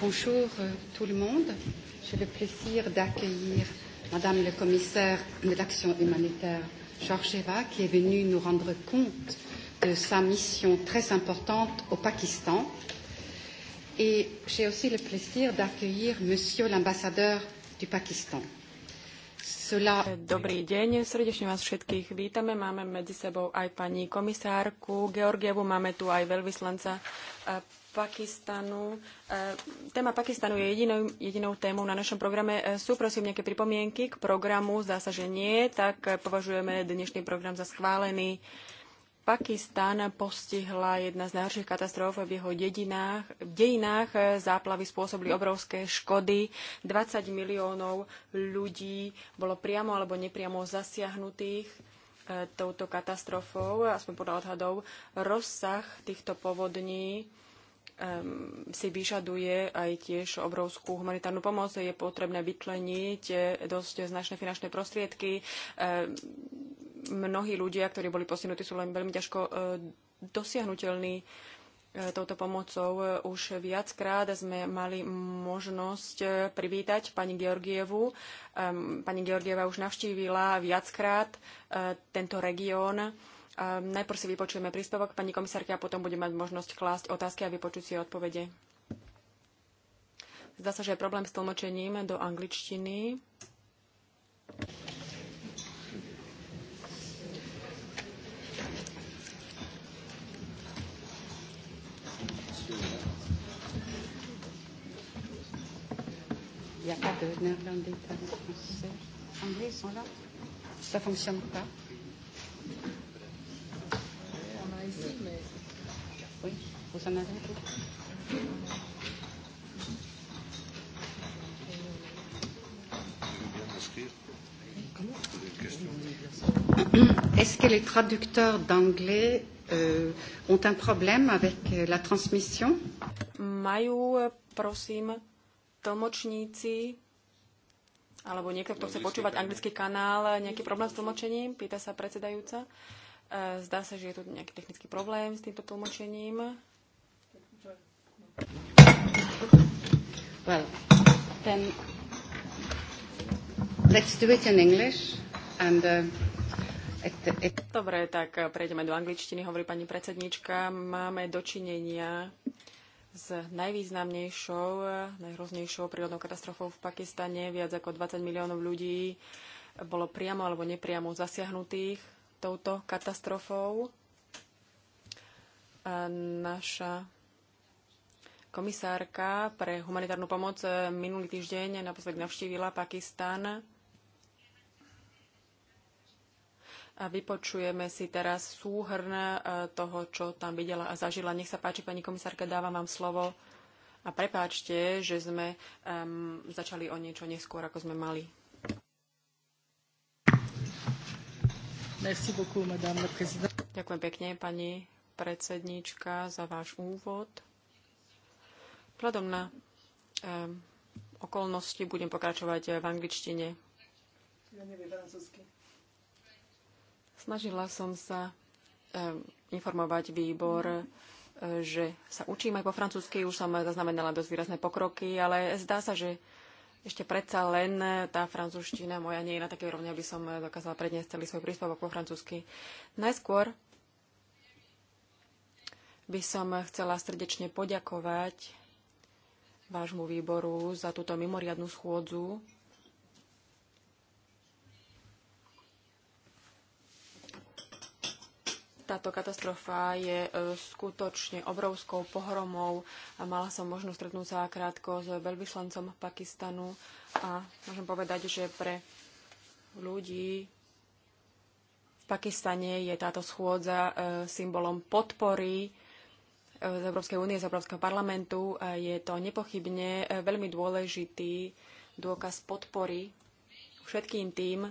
Bonjour euh, tout le monde. J'ai le plaisir d'accueillir Madame le commissaire de l'action humanitaire Georgieva qui est venue nous rendre compte de sa mission très importante au Pakistan. Et j'ai aussi le plaisir d'accueillir Monsieur l'ambassadeur du Pakistan. Cela... Dobrý deň, srdečne vás všetkých vítame. Máme medzi sebou aj pani komisárku Georgievu, máme tu aj veľvyslanca eh, Pakistanu. E, téma Pakistanu je jedinou, jedinou témou na našom programe. E, sú prosím nejaké pripomienky k programu? Zdá sa, že nie, tak e, považujeme dnešný program za schválený. Pakistan postihla jedna z najhorších katastrof v jeho dedinách. V dejinách záplavy spôsobili obrovské škody. 20 miliónov ľudí bolo priamo alebo nepriamo zasiahnutých touto katastrofou, aspoň podľa odhadov. Rozsah týchto povodní si vyžaduje aj tiež obrovskú humanitárnu pomoc. Je potrebné vyčleniť e, dosť značné finančné prostriedky. Mnohí ľudia, ktorí boli posunutí, sú len veľmi ťažko e, dosiahnutelní e, touto pomocou. Už viackrát sme mali možnosť privítať pani Georgievu. Pani Georgieva už navštívila viackrát tento región Najprv si vypočujeme príspevok pani komisárky a potom bude mať možnosť klásť otázky a vypočuť si odpovede. Zdá sa, že je problém s tlmočením do angličtiny. Il n'y a pas de néerlandais, français. Anglais, ils sont là Ça ne fonctionne pas vous en avez tout Est-ce que les traducteurs d'anglais euh, ont un problème avec euh, la transmission Majú, euh, prosím, tlmočníci alebo niekto, kto chce počúvať anglický kanál, nejaký problém s tlmočením? Pýta sa predsedajúca. Uh, E, zdá sa, že je tu nejaký technický problém s týmto tlmočením. Well, then let's do it in English and uh, it, it... Dobre, tak e, prejdeme do angličtiny, hovorí pani predsednička. Máme dočinenia s najvýznamnejšou, e, najhroznejšou prírodnou katastrofou v Pakistane. Viac ako 20 miliónov ľudí bolo priamo alebo nepriamo zasiahnutých touto katastrofou. A naša komisárka pre humanitárnu pomoc e, minulý týždeň naposledy navštívila Pakistan. A vypočujeme si teraz súhrn e, toho, čo tam videla a zažila. Nech sa páči, pani komisárka, dávam vám slovo. A prepáčte, že sme um, začali o niečo neskôr, ako sme mali. Ďakujem pekne, pani predsedníčka, za váš úvod. Vzhľadom na um, okolnosti budem pokračovať v angličtine. Snažila som sa um, informovať výbor, mhm. že sa učím aj po francúzsky, už som zaznamenala dosť výrazné pokroky, ale zdá sa, že ešte predsa len e, tá francúzština moja nie je na takej úrovni, aby som e, dokázala predniesť celý svoj príspevok po francúzsky. Najskôr by som e, chcela srdečne poďakovať vášmu výboru za túto mimoriadnú schôdzu, Táto katastrofa je e, skutočne obrovskou pohromou a mala som možnosť stretnúť sa krátko s veľvyslancom Pakistanu a môžem povedať, že pre ľudí v Pakistane je táto schôdza e, symbolom podpory e, z Európskej únie, z Európskeho parlamentu. Je to nepochybne veľmi dôležitý dôkaz podpory všetkým tým,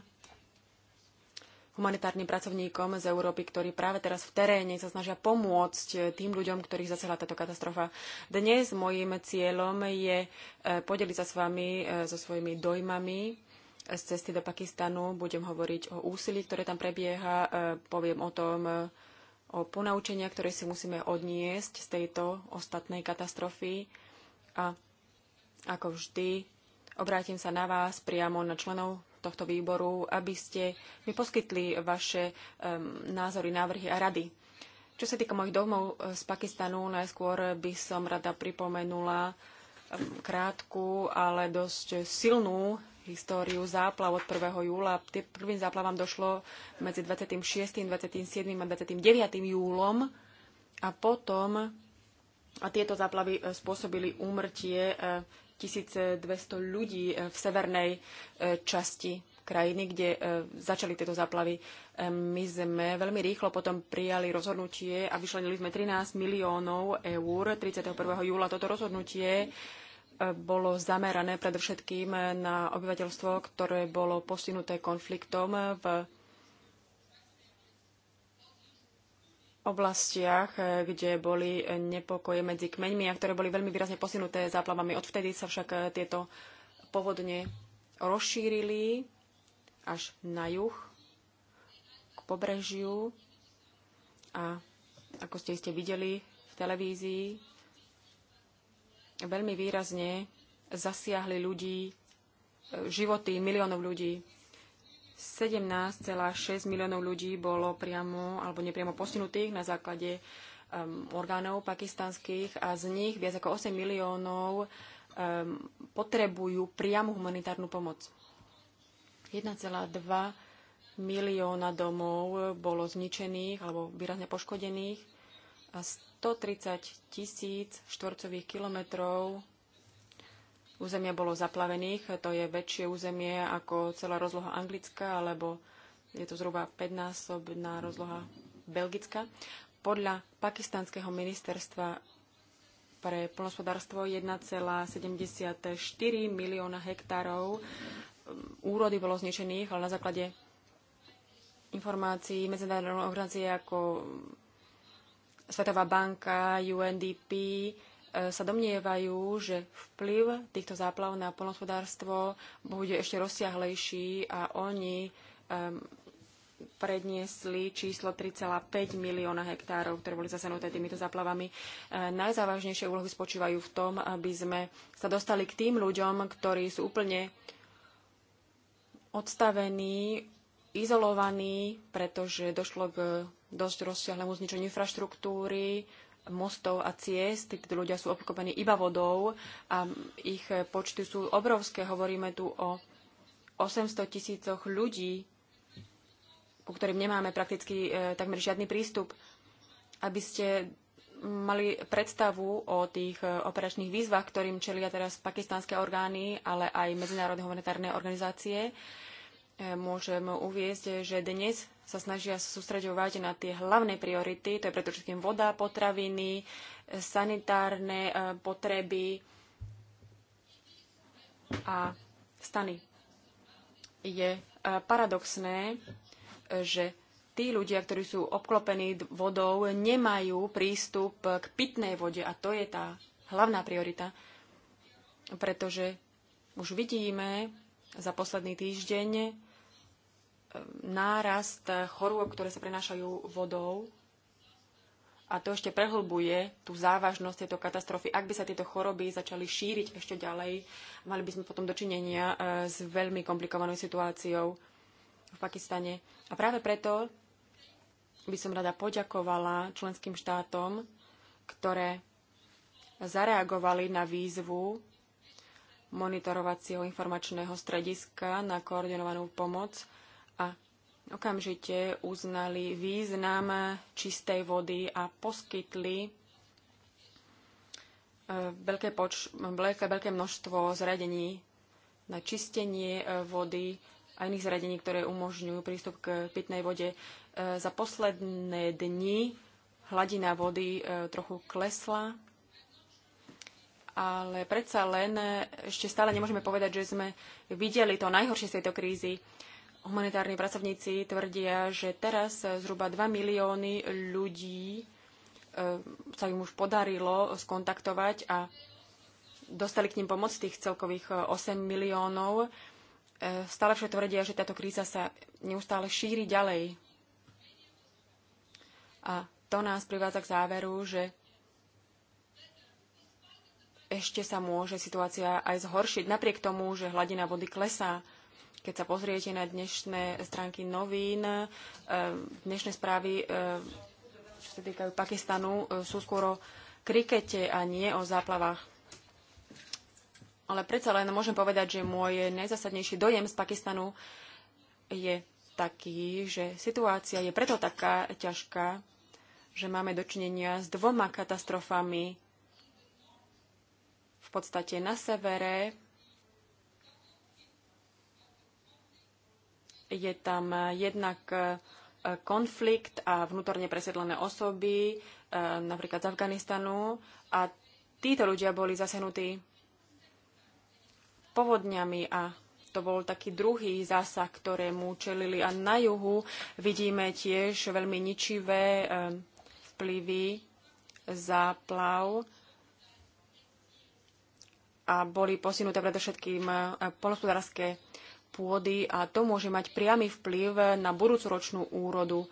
humanitárnym pracovníkom z Európy, ktorí práve teraz v teréne sa snažia pomôcť eh, tým ľuďom, ktorých zasela táto katastrofa. Dnes môjim cieľom je eh, podeliť sa s vami eh, so svojimi dojmami z cesty do Pakistanu. Budem hovoriť o úsilí, ktoré tam prebieha, poviem o tom, o ponaučenia, ktoré si musíme odniesť z tejto ostatnej katastrofy. A ako vždy, obrátim sa na vás priamo na členov tohto výboru, aby ste mi poskytli vaše um, názory, návrhy a rady. Čo sa týka mojich domov eh, z Pakistanu, najskôr by som rada pripomenula krátku, ale dosť silnú históriu záplav od 1. júla. Tým prvým záplavám došlo medzi 26., 27. a 29. júlom a potom a tieto záplavy eh, spôsobili úmrtie eh, 1200 ľudí eh, v severnej eh, časti krajiny, kde eh, začali tieto záplavy. My sme veľmi rýchlo potom prijali rozhodnutie a vyšlenili sme 13 miliónov eur. 31. júla toto rozhodnutie bolo zamerané predovšetkým na obyvateľstvo, ktoré bolo postihnuté konfliktom v oblastiach, eh, kde boli nepokoje medzi kmeňmi a ktoré boli veľmi výrazne posunuté záplavami. Odvtedy sa však eh, tieto povodne rozšírili až na juh k pobrežiu a ako ste iste videli v televízii, veľmi výrazne zasiahli ľudí, eh, životy miliónov ľudí 17,6 miliónov ľudí bolo priamo alebo nepriamo postihnutých na základe um, orgánov pakistanských a z nich viac ako 8 miliónov um, potrebujú priamu humanitárnu pomoc. 1,2 milióna domov bolo zničených alebo výrazne poškodených a 130 tisíc štvorcových kilometrov územia bolo zaplavených. To je väčšie územie ako celá rozloha Anglická, alebo je to zhruba 5-násobná rozloha Belgická. Podľa pakistanského ministerstva pre plnospodárstvo 1,74 milióna hektárov um, úrody bolo zničených, ale na základe informácií medzinárodnej organizácie ako Svetová banka, UNDP, E, sa domnievajú, že vplyv týchto záplav na polnospodárstvo bude ešte rozsiahlejší a oni um, predniesli číslo 3,5 milióna hektárov, ktoré boli zasenuté týmito záplavami. E, najzávažnejšie úlohy spočívajú v tom, aby sme sa dostali k tým ľuďom, ktorí sú úplne odstavení, izolovaní, pretože došlo k dosť rozsiahlemu zničeniu infraštruktúry, mostov a ciest, títo ľudia sú obklopení iba vodou a ich počty sú obrovské. Hovoríme tu o 800 tisícoch ľudí, ku ktorým nemáme prakticky e, takmer žiadny prístup. Aby ste mali predstavu o tých e, operačných výzvach, ktorým čelia teraz pakistánske orgány, ale aj medzinárodné humanitárne organizácie, e, môžem uviezť, že dnes sa snažia sústreďovať na tie hlavné priority, to je všetkým voda, potraviny, sanitárne e, potreby a stany. Je e, paradoxné, že tí ľudia, ktorí sú obklopení vodou, nemajú prístup k pitnej vode a to je tá hlavná priorita, pretože už vidíme za posledný týždeň, nárast chorôb, ktoré sa prenášajú vodou. A to ešte prehlbuje tú závažnosť tejto katastrofy. Ak by sa tieto choroby začali šíriť ešte ďalej, mali by sme potom dočinenia e, s veľmi komplikovanou situáciou v Pakistane. A práve preto by som rada poďakovala členským štátom, ktoré zareagovali na výzvu monitorovacieho informačného strediska na koordinovanú pomoc a okamžite uznali význam čistej vody a poskytli e, veľké, poč- veľké, veľké množstvo zradení na čistenie e, vody a iných zradení, ktoré umožňujú prístup k pitnej vode. E, za posledné dni hladina vody trochu klesla, ale predsa len ešte stále nemôžeme povedať, že sme videli to najhoršie z tejto krízy humanitárni pracovníci tvrdia, že teraz zhruba 2 milióny ľudí e, sa im už podarilo skontaktovať a dostali k ním pomoc tých celkových 8 e, miliónov. E, stále však tvrdia, že táto kríza sa neustále šíri ďalej. A to nás privádza k záveru, že ešte sa môže situácia aj zhoršiť, napriek tomu, že hladina vody klesá. Keď sa pozriete na dnešné stránky novín, e, dnešné správy, e, čo sa týkajú Pakistanu, e, sú skôr o krikete a nie o záplavách. Ale predsa len môžem povedať, že môj najzásadnejší dojem z Pakistanu je taký, že situácia je preto taká ťažká, že máme dočinenia s dvoma katastrofami v podstate na severe Je tam jednak e, konflikt a vnútorne presedlené osoby, e, napríklad z Afganistanu, a títo ľudia boli zasenutí povodňami a to bol taký druhý zásah, ktorému čelili. A na juhu vidíme tiež veľmi ničivé e, vplyvy záplav a boli posunuté predovšetkým polnospodárske pôdy a to môže mať priamy vplyv na budúcoročnú úrodu.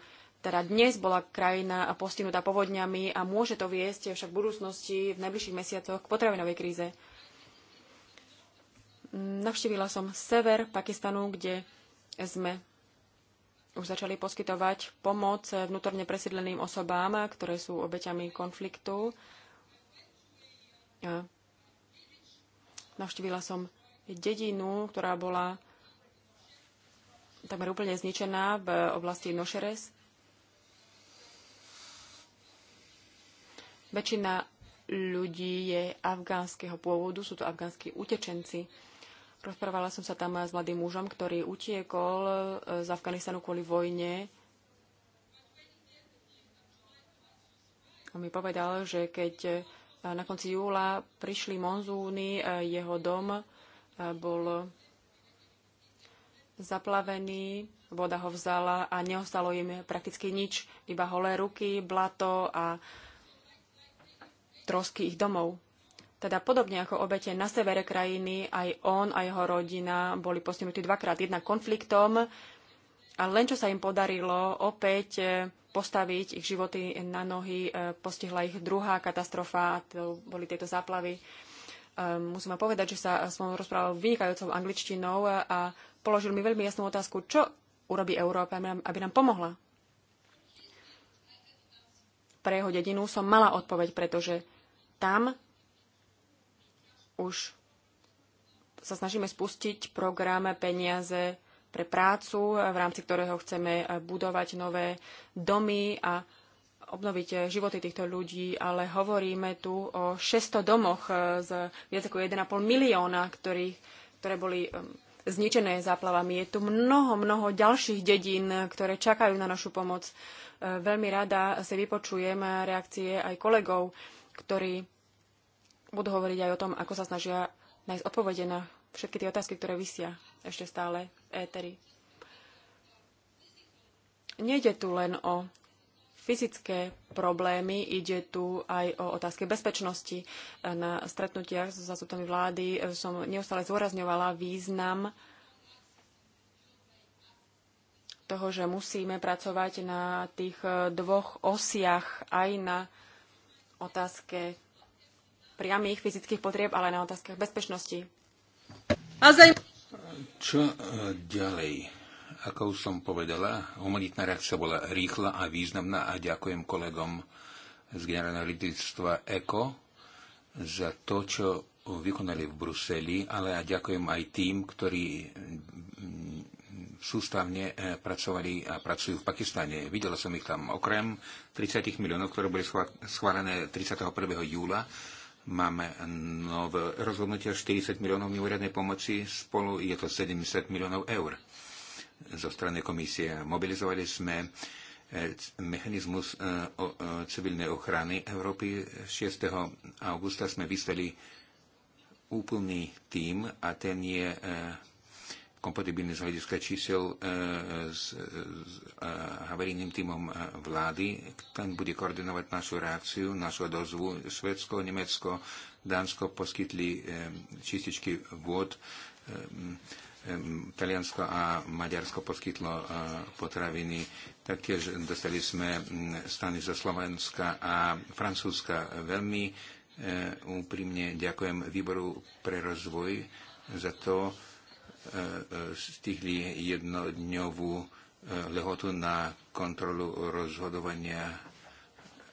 Teda dnes bola krajina postihnutá povodňami a môže to viesť však v budúcnosti v najbližších mesiacoch k potravinovej kríze. Navštívila som sever Pakistanu, kde sme už začali poskytovať pomoc vnútorne presídleným osobám, ktoré sú obeťami konfliktu. navštívila som dedinu, ktorá bola takmer úplne zničená v oblasti Nošeres. Väčšina ľudí je afgánskeho pôvodu, sú to afgánsky utečenci. Rozprávala som sa tam s mladým mužom, ktorý utiekol e, z Afganistanu kvôli vojne. On mi povedal, že keď e, na konci júla prišli monzúny, e, jeho dom bol zaplavený, voda ho vzala a neostalo im prakticky nič, iba holé ruky, blato a trosky ich domov. Teda podobne ako obete na severe krajiny, aj on a jeho rodina boli postihnutí dvakrát. Jednak konfliktom a len čo sa im podarilo opäť e, postaviť ich životy na nohy, e, postihla ich druhá katastrofa, to boli tieto záplavy e, musím vám povedať, že sa s mnou rozprával vynikajúcou angličtinou a položil mi veľmi jasnú otázku, čo urobí Európa, aby nám pomohla. Pre jeho dedinu som mala odpoveď, pretože tam už sa snažíme spustiť program peniaze pre prácu, v rámci ktorého chceme budovať nové domy a obnoviť životy týchto ľudí, ale hovoríme tu o 600 domoch z viac ako 1,5 milióna, ktorých, ktoré boli um, zničené záplavami. Je tu mnoho, mnoho ďalších dedín, ktoré čakajú na našu pomoc. E, veľmi rada si vypočujem reakcie aj kolegov, ktorí budú hovoriť aj o tom, ako sa snažia nájsť odpovede na všetky tie otázky, ktoré vysia ešte stále éteri. Nejde tu len o fyzické problémy, ide tu aj o otázky bezpečnosti. Na stretnutiach s zástupcami vlády eh, som neustále zdôrazňovala význam toho, že musíme pracovať na tých eh, dvoch osiach aj na otázke priamých fyzických potrieb, ale aj na otázkach bezpečnosti. Čo eh, ďalej? Ako už som povedala, humanitná reakcia bola rýchla a významná a ďakujem kolegom z generálneho riaditeľstva ECO za to, čo vykonali v Bruseli, ale a ďakujem aj tým, ktorí mm, sústavne e, pracovali a pracujú v Pakistane. Videla som ich tam. Okrem 30 miliónov, ktoré boli schválené 31. júla, Máme nové rozhodnutia 40 miliónov mimoriadnej pomoci, spolu je to 70 miliónov eur zo strany komisie. Mobilizovali sme eh, mechanizmus eh, eh, civilnej ochrany Európy. 6. augusta sme vyslali úplný tím a ten je kompatibilný z hľadiska čísel s havarijným týmom vlády. Ten bude koordinovať našu reakciu, našu odozvu. Švedsko, Nemecko, Dánsko poskytli čističky vôd Taliansko a Maďarsko poskytlo e, potraviny. Taktiež dostali sme stany zo Slovenska a Francúzska. Veľmi e, úprimne ďakujem výboru pre rozvoj za to, e, stihli jednodňovú lehotu na kontrolu rozhodovania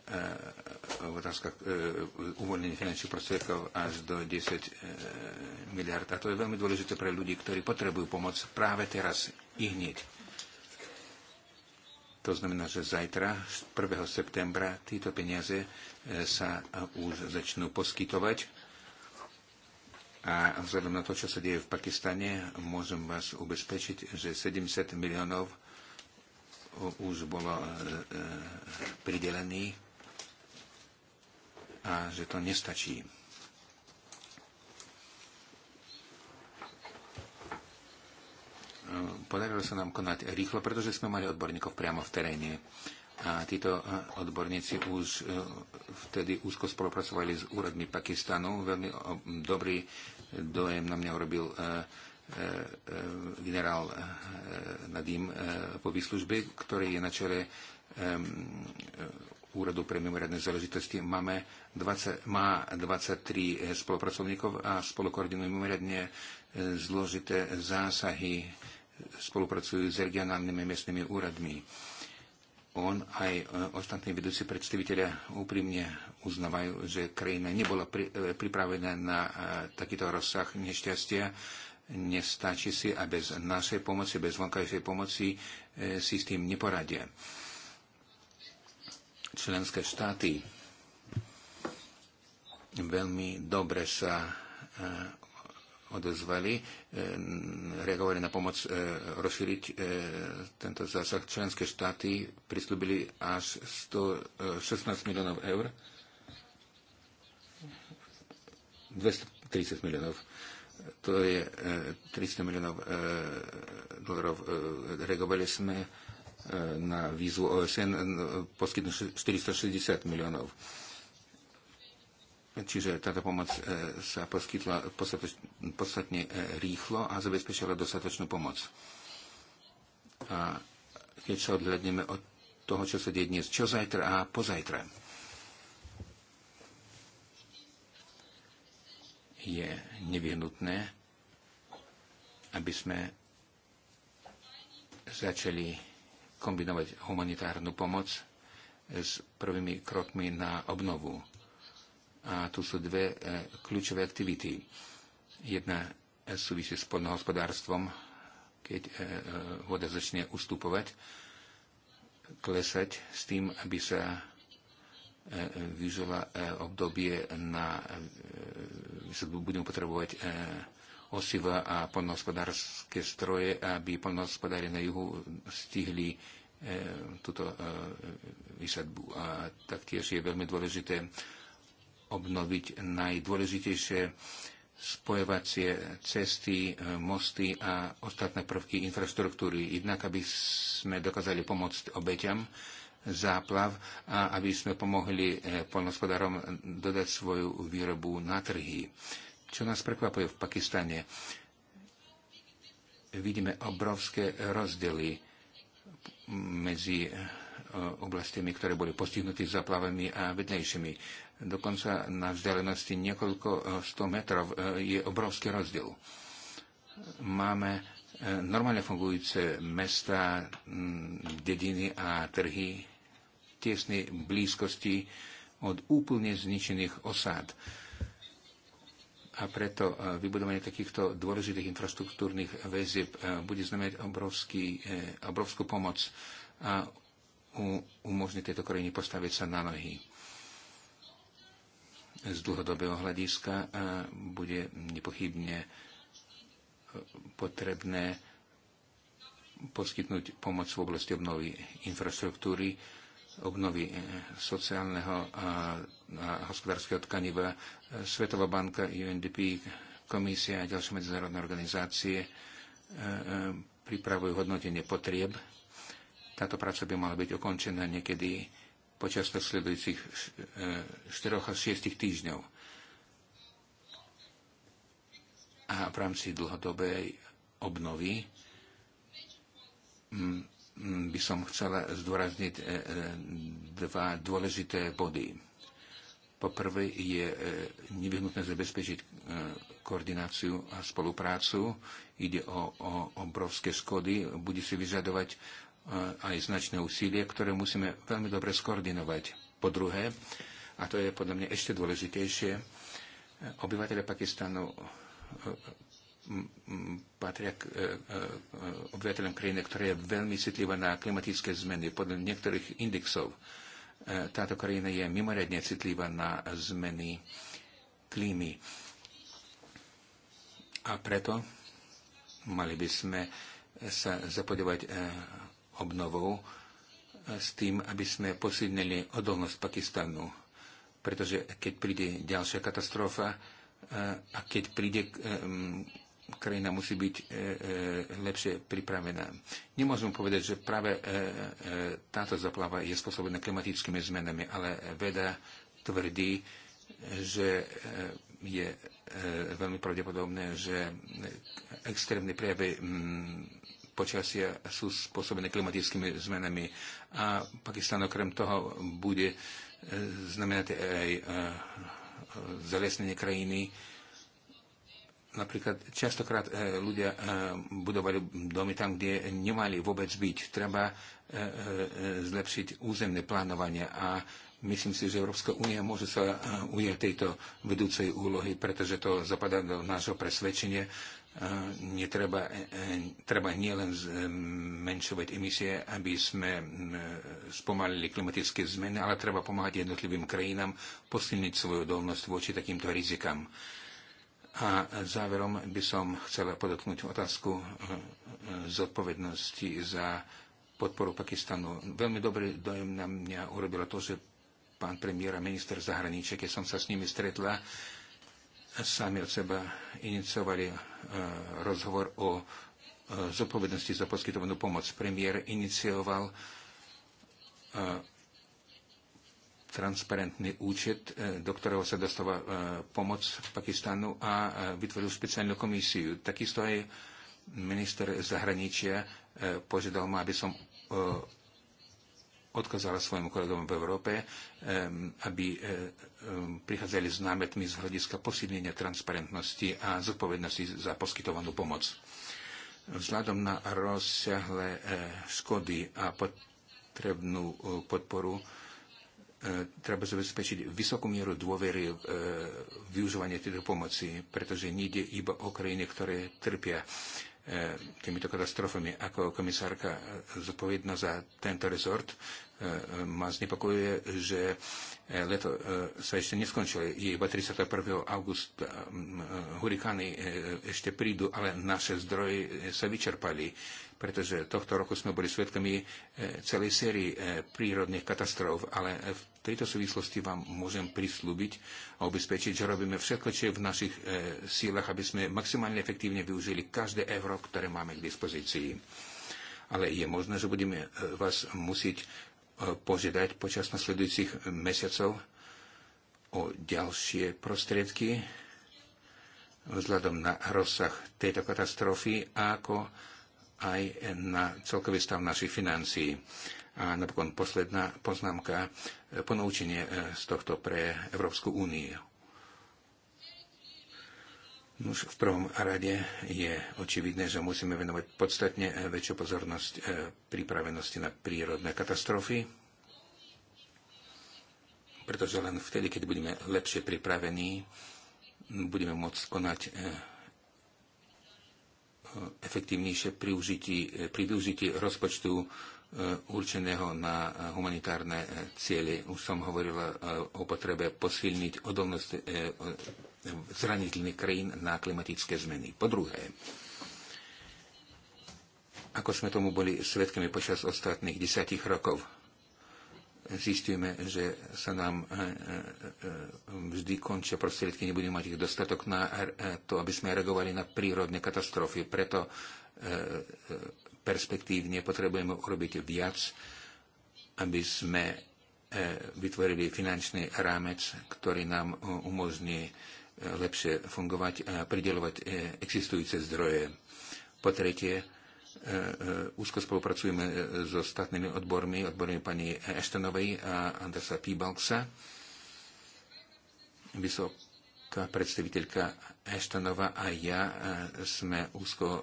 v e, e, otázkach e, uvoľnenia finančných prostriedkov až do 10 miliard. A to je veľmi dôležité pre ľudí, ktorí potrebujú pomoc práve teraz i hneď. To znamená, že zajtra, 1. septembra, títo peniaze sa už začnú poskytovať. A vzhľadom na to, čo sa deje v Pakistane, môžem vás ubezpečiť, že 70 miliónov už bolo pridelených a že to nestačí. Podarilo sa nám konať rýchlo, pretože sme mali odborníkov priamo v teréne. A títo e, odborníci už e, vtedy úzko spolupracovali s úradmi Pakistanu. Veľmi dobrý dojem na mňa urobil e, generál Nadim po výslužbe, ktorý je na čele Úradu pre mimoriadne záležitosti máme 20, má 23 eh, spolupracovníkov a spolukoordinujú mimoriadne eh, zložité zásahy, spolupracujú s regionálnymi miestnymi úradmi. On aj eh, ostatní vedúci predstaviteľia úprimne uznávajú, že krajina nebola pri, pripravená na takýto rozsah nešťastia. Nestačí si a bez našej pomoci, bez vonkajšej pomoci si s tým neporadia členské štáty veľmi dobre sa eh, odezvali, eh, reagovali na pomoc eh, rozšíriť tento zásah. Členské štáty prislúbili až 116 miliónov eur, 230 miliónov. To je 300 miliónov dolarov. Reagovali sme na výzvu OSN e, poskytnú 460 miliónov. Čiže táto pomoc e, sa poskytla podstatne e, rýchlo a zabezpečila dostatočnú pomoc. A keď sa odhľadneme od toho, čo sa deje dnes, čo zajtra a pozajtra, je nevyhnutné, aby sme začali kombinovať humanitárnu pomoc s prvými krokmi na obnovu. A tu sú dve e, kľúčové aktivity. Jedna e, súvisí s podnohospodárstvom, keď e, voda začne ustupovať, klesať s tým, aby sa využila obdobie na, budeme potrebovať osiva a poľnohospodárske stroje, aby poľnohospodári na juhu stihli e, túto e, vysadbu. A taktiež je veľmi dôležité obnoviť najdôležitejšie spojovacie cesty, e, mosty a ostatné prvky infraštruktúry. Jednak, aby sme dokázali pomôcť obeťam záplav a aby sme pomohli poľnohospodárom dodať svoju výrobu na trhy čo nás prekvapuje v Pakistane. Vidíme obrovské rozdiely medzi eh, oblastiami, ktoré boli postihnuté zaplavami a vedlejšími. Dokonca na vzdialenosti niekoľko 100 eh, metrov eh, je obrovský rozdiel. Máme normálne fungujúce mesta, mm, dediny a trhy v tesnej blízkosti od úplne zničených osád. A preto e, vybudovanie takýchto dôležitých infraštruktúrnych väzieb e, bude znamenať obrovský, e, obrovskú pomoc a umožní tejto krajine postaviť sa na nohy. Z dlhodobého hľadiska bude nepochybne potrebné poskytnúť pomoc v oblasti obnovy infraštruktúry, obnovy eh, sociálneho a, a hospodárskeho tkaniva, Svetová banka, UNDP, komisia a ďalšie medzinárodné organizácie eh, eh, pripravujú hodnotenie potrieb. Táto práca by mala byť ukončená niekedy počas sledujúcich 4 až 6 týždňov. A v rámci dlhodobej obnovy mm, Mm, by som chcela zdôrazniť e, e, dva dôležité body. Poprvé je e, nevyhnutné zabezpečiť koordináciu a spoluprácu. Ide o, o obrovské škody. Bude si vyžadovať aj značné úsilie, ktoré musíme veľmi dobre skoordinovať. Po druhé, a to je podľa mňa ešte dôležitejšie, obyvateľe Pakistanu patria k e, e, e, obyvateľom krajiny, ktorá je veľmi citlivá na klimatické zmeny. Podľa niektorých indexov táto krajina je mimoriadne citlivá na zmeny klímy. A preto mali by sme sa zapodovať obnovou s tým, aby sme posilnili odolnosť Pakistanu. Pretože keď príde ďalšia katastrofa a keď príde krajina musí byť e, e, lepšie pripravená. Nemôžem povedať, že práve e, táto zaplava je spôsobená klimatickými zmenami, ale veda tvrdí, že je veľmi pravdepodobné, že extrémne prejavy počasia sú spôsobené klimatickými zmenami a Pakistan okrem toho bude znamenáte aj zalesnenie krajiny, Napríklad častokrát eh, ľudia eh, budovali domy tam, kde nemali vôbec byť. Treba eh, zlepšiť územné plánovanie a myslím si, že Európska únia môže sa ujať tejto vedúcej úlohy, pretože to zapadá do nášho presvedčenia. Netreba, treba nielen zmenšovať emisie, aby sme spomalili klimatické zmeny, ale treba pomáhať jednotlivým krajinám posilniť svoju dolnosť voči takýmto rizikám. A záverom by som chcela podotknúť otázku eh, eh, zodpovednosti za podporu Pakistanu. Veľmi dobrý dojem na mňa urobilo to, že pán premiér a minister zahraničia, keď som sa s nimi stretla, sami od seba iniciovali eh, rozhovor o zodpovednosti za poskytovanú pomoc. Premiér inicioval transparentný účet, e, do ktorého sa dostáva e, pomoc Pakistanu a e, vytvoril speciálnu komisiu. Takisto aj minister zahraničia požiadal ma, aby som odkazala svojim kolegom v Európe, aby prichádzali s námetmi z hľadiska posilnenia transparentnosti a zodpovednosti za poskytovanú pomoc. Vzhľadom na rozsiahle škody a potrebnú podporu E, treba zabezpečiť vysokú mieru dôvery v e, využívanie tejto pomoci, pretože nejde iba o krajiny, ktoré trpia e, týmito katastrofami. Ako komisárka zodpovedná za tento rezort ma znepokojuje, že leto sa ešte neskončilo. Je iba 31. august. Hurikány ešte prídu, ale naše zdroje sa vyčerpali, pretože tohto roku sme boli svedkami celej sérii prírodných katastrof, ale v tejto súvislosti vám môžem prislúbiť a ubezpečiť, že robíme všetko, čo je v našich e, sílach, aby sme maximálne efektívne využili každé euro, ktoré máme k dispozícii. Ale je možné, že budeme e, vás musieť e, požiadať počas nasledujúcich mesiacov o ďalšie prostriedky vzhľadom na rozsah tejto katastrofy, ako aj na celkový stav našich financií. A napokon posledná poznámka, e, ponaučenie e, z tohto pre Európsku úniu. Už v prvom rade je očividné, že musíme venovať podstatne e, väčšiu pozornosť pripravenosti na prírodné katastrofy, pretože len vtedy, keď budeme lepšie pripravení, budeme môcť konať efektívnejšie pri využití rozpočtu E, určeného na humanitárne e, cieľe. Už som hovoril e, o potrebe posilniť odolnosť zraniteľných krajín na klimatické zmeny. Po druhé, ako sme tomu boli svetkami počas ostatných desiatich rokov, zistujeme, že sa nám vždy končia prostriedky, nebudeme mať ich dostatok na to, aby sme reagovali na prírodné katastrofy. Preto perspektívne potrebujeme urobiť viac, aby sme e, vytvorili finančný rámec, ktorý nám e, umožní e, lepšie fungovať a pridelovať existujúce zdroje. Po tretie, úzko spolupracujeme so statnými odbormi, odbormi pani Eštenovej a Andersa Pibalksa. Vysok tá predstaviteľka Eštanova a ja e, sme úzko e, e,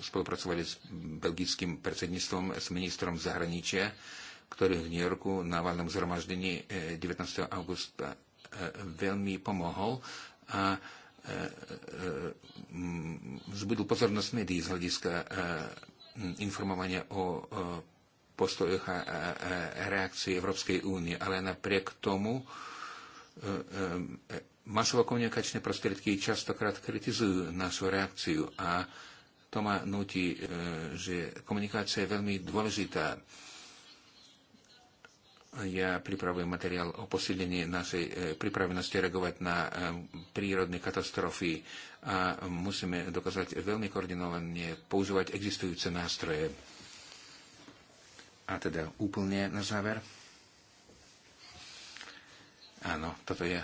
spolupracovali s belgickým predsedníctvom, s ministrom zahraničia, ktorý v New Yorku na valnom zhromaždení 19. augusta veľmi pomohol a vzbudil pozornosť médií z hľadiska informovania o postojoch a reakcii Európskej únie, ale napriek tomu Masovo-komunikačné prostriedky častokrát kritizujú našu reakciu a to ma nutí, e, že komunikácia je veľmi dôležitá. Ja pripravujem materiál o posilnení našej e, pripravenosti reagovať na e, prírodné katastrofy a musíme dokázať veľmi koordinovane používať existujúce nástroje. A teda úplne na záver. Áno, toto je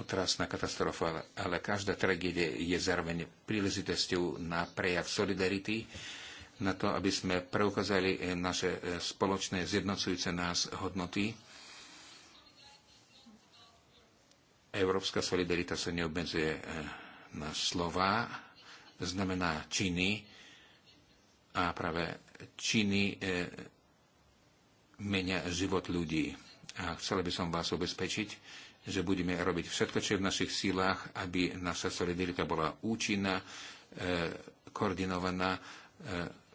otrasná katastrofa, ale každá tragédia je zároveň príležitosťou na prejav solidarity, na to, aby sme preukázali eh, naše eh, spoločné zjednocujúce nás hodnoty. Európska solidarita sa neobmedzuje eh, na slova, znamená činy a práve činy menia život ľudí. A chcela by som vás ubezpečiť, že budeme robiť všetko, čo je v našich sílách, aby naša solidarita bola účinná, e, koordinovaná, e,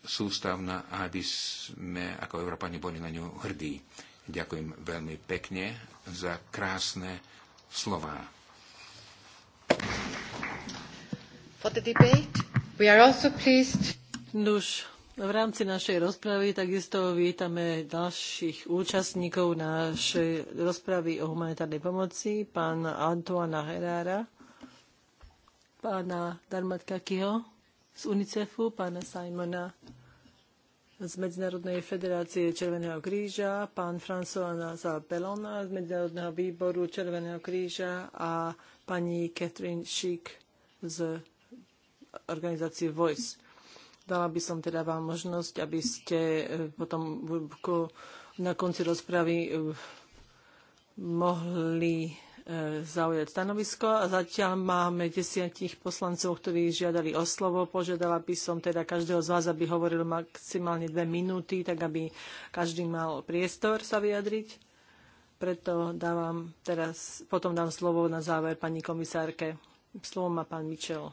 sústavná, a aby sme ako Európani boli na ňu hrdí. Ďakujem veľmi pekne za krásne slová. For the debate, we are also pleased... Nuž, v rámci našej rozpravy takisto vítame ďalších účastníkov našej rozpravy o humanitárnej pomoci, pána Antoana Herára, pána Darmatka Kiho z UNICEFu, pána Simona z Medzinárodnej federácie Červeného kríža, pán François Pelona z Medzinárodného výboru Červeného kríža a pani Catherine Schick z organizácie Voice. Dala by som teda vám možnosť, aby ste e, potom na konci rozpravy e, mohli e, zaujať stanovisko a zatiaľ máme desiatich poslancov, ktorí žiadali o slovo. Požiadala by som teda každého z vás, aby hovoril maximálne dve minúty, tak aby každý mal priestor sa vyjadriť. Preto dávam teraz, potom dám slovo na záver pani komisárke. Slovo má pán Mičel.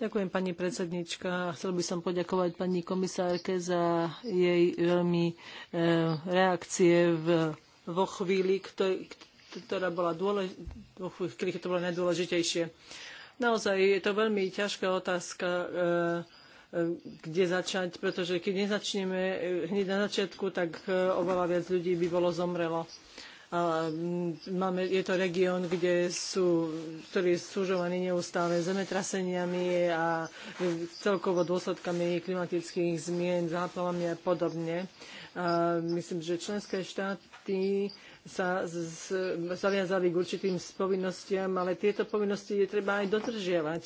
Ďakujem, pani predsednička. Chcel by som poďakovať pani komisárke za jej veľmi e, reakcie v, vo chvíli, ktorá bola to bolo najdôležitejšie. Naozaj je to veľmi ťažká otázka, e, e, kde začať, pretože keď nezačneme hneď na začiatku, tak oveľa viac ľudí by bolo zomrelo. Mm, máme, je to región, kde sú, ktorý je súžovaný neustále zemetraseniami a mm, celkovo dôsledkami klimatických zmien, záplavami a podobne. A myslím, že členské štáty sa z, z, zaviazali k určitým povinnostiam, ale tieto povinnosti je treba aj dodržiavať.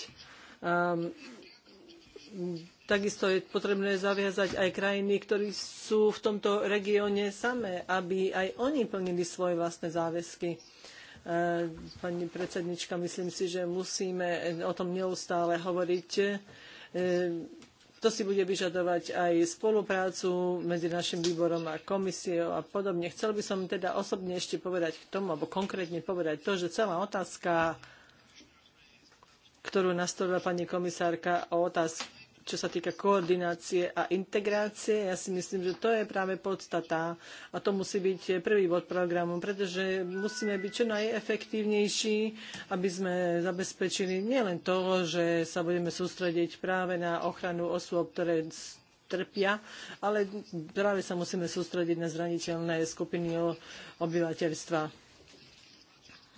Mm, Takisto je potrebné zaviazať aj krajiny, ktorí sú v tomto regióne samé, aby aj oni plnili svoje vlastné záväzky. E, pani predsednička, myslím si, že musíme o tom neustále hovoriť. E, to si bude vyžadovať aj spoluprácu medzi našim výborom a komisiou a podobne. Chcel by som teda osobne ešte povedať k tomu, alebo konkrétne povedať to, že celá otázka, ktorú nastavila pani komisárka o otázku čo sa týka koordinácie a integrácie. Ja si myslím, že to je práve podstata a to musí byť prvý bod programu, pretože musíme byť čo najefektívnejší, aby sme zabezpečili nielen to, že sa budeme sústrediť práve na ochranu osôb, ktoré trpia, ale práve sa musíme sústrediť na zraniteľné skupiny obyvateľstva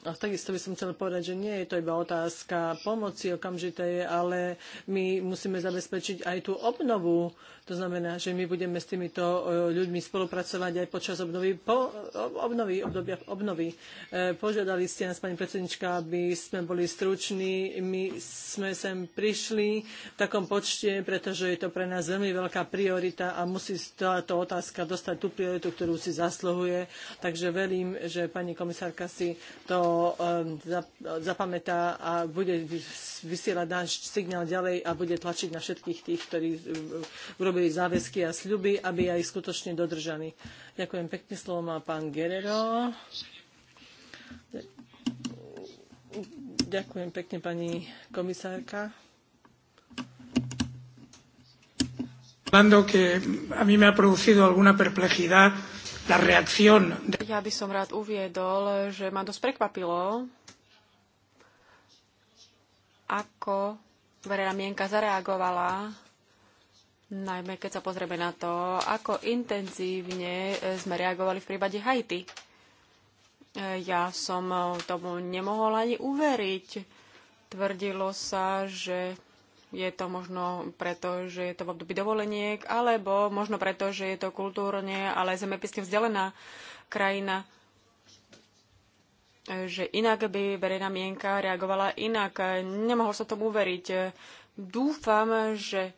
a takisto by som chcela povedať, že nie je to iba otázka pomoci okamžitej, ale my musíme zabezpečiť aj tú obnovu. To znamená, že my budeme s týmito e, ľuďmi spolupracovať aj počas obnovy, po, obnovy obdobia obnovy. E, požiadali ste nás, pani predsednička, aby sme boli struční. My sme sem prišli v takom počte, pretože je to pre nás veľmi veľká priorita a musí táto otázka dostať tú prioritu, ktorú si zasluhuje. Takže verím, že pani komisárka si to Um, zapamätá a bude vysielať náš signál ďalej a bude tlačiť na všetkých tých, ktorí um, urobili záväzky a sľuby, aby aj skutočne dodržaní. Ďakujem pekne, slovo má pán Guerrero. Ďakujem pekne, pani komisárka. Hablando que a mí me ha producido alguna perplejidad ja by som rád uviedol, že ma dosť prekvapilo, ako verejná mienka zareagovala, najmä keď sa pozrieme na to, ako intenzívne sme reagovali v prípade Haiti. Ja som tomu nemohol ani uveriť. Tvrdilo sa, že je to možno preto, že je to v období dovoleniek, alebo možno preto, že je to kultúrne, ale zemepisne vzdelená krajina že inak by verejná mienka reagovala inak. Nemohol sa tomu uveriť. Dúfam, že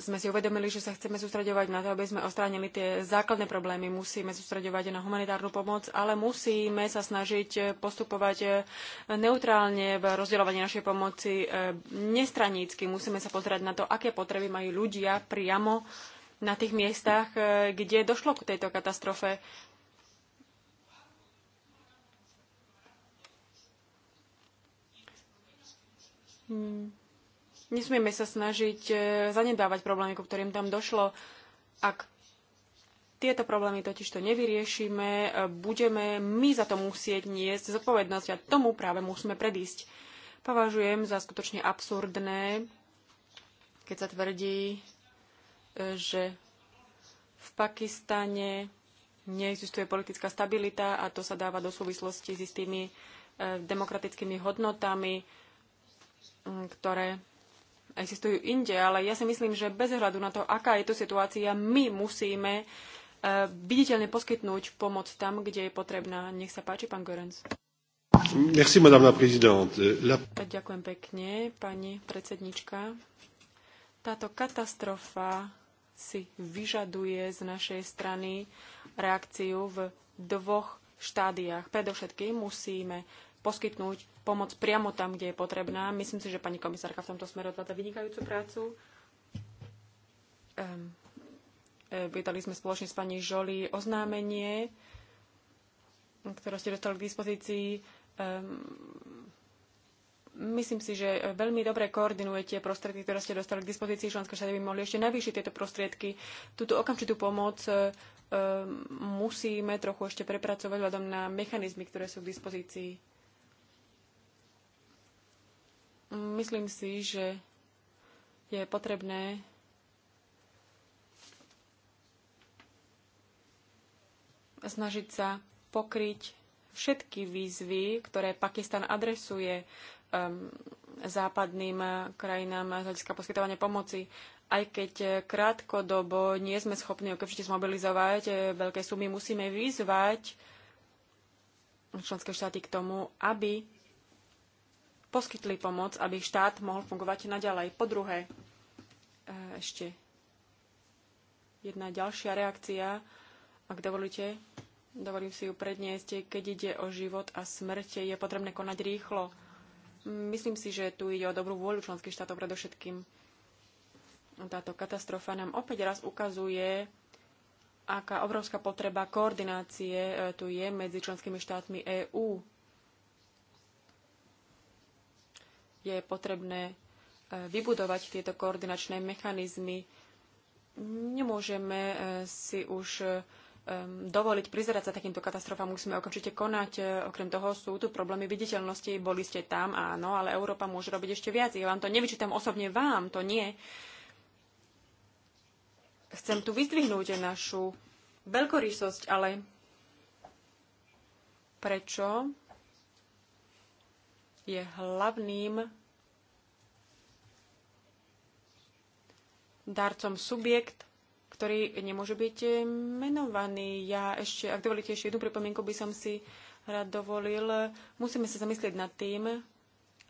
sme si uvedomili, že sa chceme sústredovať na to, aby sme ostránili tie základné problémy. Musíme sústredovať na humanitárnu pomoc, ale musíme sa snažiť postupovať e, neutrálne v rozdeľovaní našej pomoci e, nestranícky. Musíme sa pozerať na to, aké potreby majú ľudia priamo na tých miestach, e, kde došlo k tejto katastrofe. Hmm Nesmieme sa snažiť e, zanedávať problémy, ku ktorým tam došlo. Ak tieto problémy totiž to nevyriešime, e, budeme my za to musieť niesť zodpovednosť a tomu práve musíme predísť. Považujem za skutočne absurdné, keď sa tvrdí, e, že v Pakistane neexistuje politická stabilita a to sa dáva do súvislosti s istými demokratickými hodnotami, ktoré existujú inde, ale ja si myslím, že bez ohľadu na to, aká je tu situácia, my musíme e, viditeľne poskytnúť pomoc tam, kde je potrebná. Nech sa páči, pán Gorenc. Merci, madame la présidente. La... Ďakujem pekne, pani predsednička. Táto katastrofa si vyžaduje z našej strany reakciu v dvoch štádiách. Predovšetkým musíme poskytnúť pomoc priamo tam, kde je potrebná. Myslím si, že pani komisárka v tomto smere odvádza vynikajúcu prácu. Um, vydali sme spoločne s pani Žoli oznámenie, ktoré ste dostali k dispozícii. Um, myslím si, že veľmi dobre koordinujete prostriedky, ktoré ste dostali k dispozícii. Členské štáty by mohli ešte navýšiť tieto prostriedky. Túto okamžitú pomoc um, musíme trochu ešte prepracovať vzhľadom na mechanizmy, ktoré sú k dispozícii Myslím si, že je potrebné snažiť sa pokryť všetky výzvy, ktoré Pakistan adresuje um, západným krajinám z hľadiska poskytovania pomoci. Aj keď krátkodobo nie sme schopní okamžite zmobilizovať eh, veľké sumy, musíme vyzvať členské štáty k tomu, aby poskytli pomoc, aby štát mohol fungovať naďalej. Po druhé, e, ešte jedna ďalšia reakcia, ak dovolíte, dovolím si ju predniesť, keď ide o život a smrť, je potrebné konať rýchlo. Myslím si, že tu ide o dobrú vôľu členských štátov predovšetkým. Táto katastrofa nám opäť raz ukazuje, aká obrovská potreba koordinácie e, tu je medzi členskými štátmi EÚ. je potrebné e, vybudovať tieto koordinačné mechanizmy. Nemôžeme e, si už e, dovoliť prizerať sa takýmto katastrofám, musíme okamžite konať. Okrem toho sú tu problémy viditeľnosti, boli ste tam, áno, ale Európa môže robiť ešte viac. Ja vám to nevyčítam osobne vám, to nie. Chcem tu vyzdvihnúť našu veľkorysosť, ale prečo je hlavným darcom subjekt, ktorý nemôže byť menovaný. Ja ešte, ak dovolíte, ešte jednu pripomienku by som si rád dovolil. Musíme sa zamyslieť nad tým,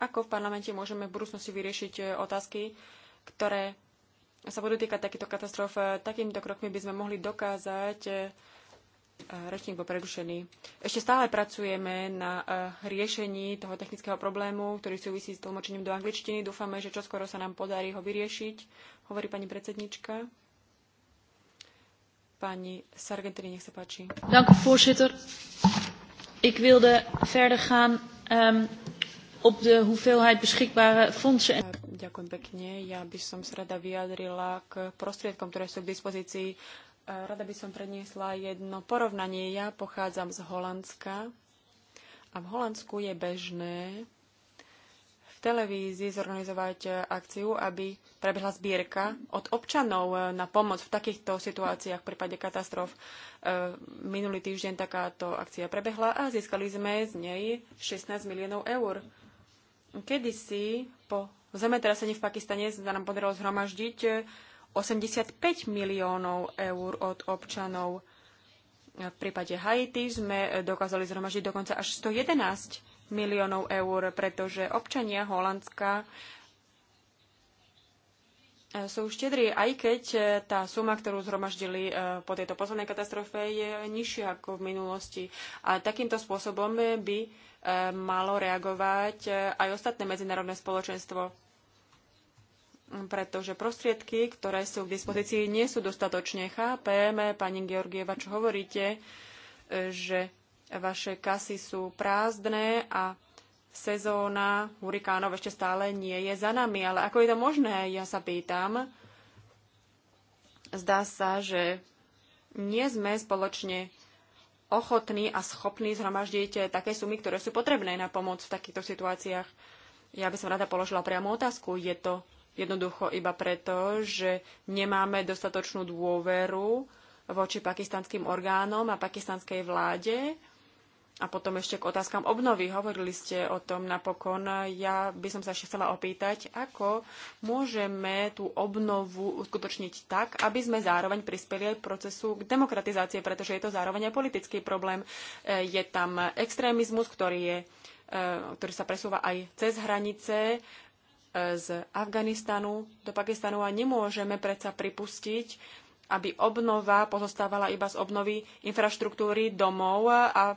ako v parlamente môžeme v budúcnosti vyriešiť otázky, ktoré sa budú týkať takýchto katastrof. Takýmto krokmi by sme mohli dokázať Rečník bol prerušený. Ešte stále pracujeme na e, riešení toho technického problému, ktorý súvisí s tlmočením do angličtiny. Dúfame, že čoskoro sa nám podarí ho vyriešiť, hovorí pani predsednička. Pani Sargentini, nech sa páči. Dank u voorzitter. Ik wilde verder gaan um, op de hoeveelheid beschikbare fondsen. En... Ďakujem pekne. Ja by som sa rada vyjadrila k prostriedkom, ktoré sú k dispozícii Rada by som predniesla jedno porovnanie. Ja pochádzam z Holandska a v Holandsku je bežné v televízii zorganizovať e, akciu, aby prebehla zbierka od občanov e, na pomoc v takýchto situáciách v prípade katastrof. E, minulý týždeň takáto akcia prebehla a získali sme z nej 16 miliónov eur. Kedysi po zemetrasení v Pakistane sa nám podarilo zhromaždiť 85 miliónov eur od občanov. V prípade Haiti sme dokázali zhromažiť dokonca až 111 miliónov eur, pretože občania Holandska sú štedrí, aj keď tá suma, ktorú zhromaždili eh, po tejto poslednej katastrofe, je nižšia ako v minulosti. A takýmto spôsobom by eh, malo reagovať eh, aj ostatné medzinárodné spoločenstvo pretože prostriedky, ktoré sú k dispozícii, nie sú dostatočne. Chápeme, pani Georgieva, čo hovoríte, e, že vaše kasy sú prázdne a sezóna hurikánov ešte stále nie je za nami. Ale ako je to možné, ja sa pýtam. Zdá sa, že nie sme spoločne ochotní a schopní zhromaždiť také sumy, ktoré sú potrebné na pomoc v takýchto situáciách. Ja by som rada položila priamu otázku. Je to Jednoducho iba preto, že nemáme dostatočnú dôveru voči pakistanským orgánom a pakistanskej vláde. A potom ešte k otázkam obnovy. Hovorili ste o tom napokon. Ja by som sa ešte chcela opýtať, ako môžeme tú obnovu uskutočniť tak, aby sme zároveň prispeli aj procesu k demokratizácie, pretože je to zároveň aj politický problém. E, je tam extrémizmus, ktorý, je, e, ktorý sa presúva aj cez hranice z Afganistanu do Pakistanu a nemôžeme predsa pripustiť, aby obnova pozostávala iba z obnovy infraštruktúry domov a e,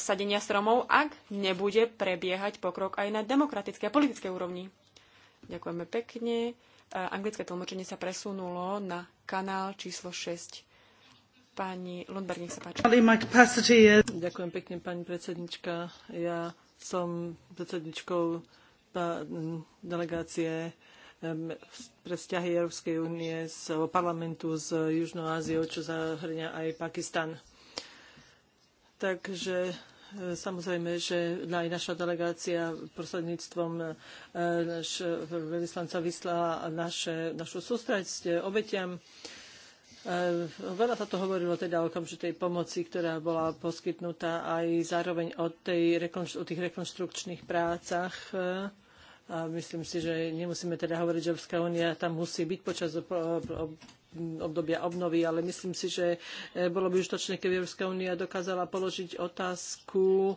sadenia stromov, ak nebude prebiehať pokrok aj na demokratickej a politickej úrovni. Ďakujeme pekne. E, anglické tlmočenie sa presunulo na kanál číslo 6. Pani Lundberg, nech sa páči. Ďakujem pekne, pani predsednička. Ja som predsedničkou delegácie pre vzťahy Európskej únie z parlamentu s Južnou Áziou, čo zahrňa aj Pakistan. Takže e, Samozrejme, že aj naša delegácia prostredníctvom e, náš veľvyslanca vyslala naše, našu sústrať e, obetiam. Veľa sa to hovorilo teda o okamžitej pomoci, ktorá bola poskytnutá aj zároveň o, tej, o tých rekonštrukčných prácach a myslím si, že nemusíme teda hovoriť, že Európska únia tam musí byť počas obdobia obnovy, ale myslím si, že e, bolo by užitočné, keby Európska únia dokázala položiť otázku e,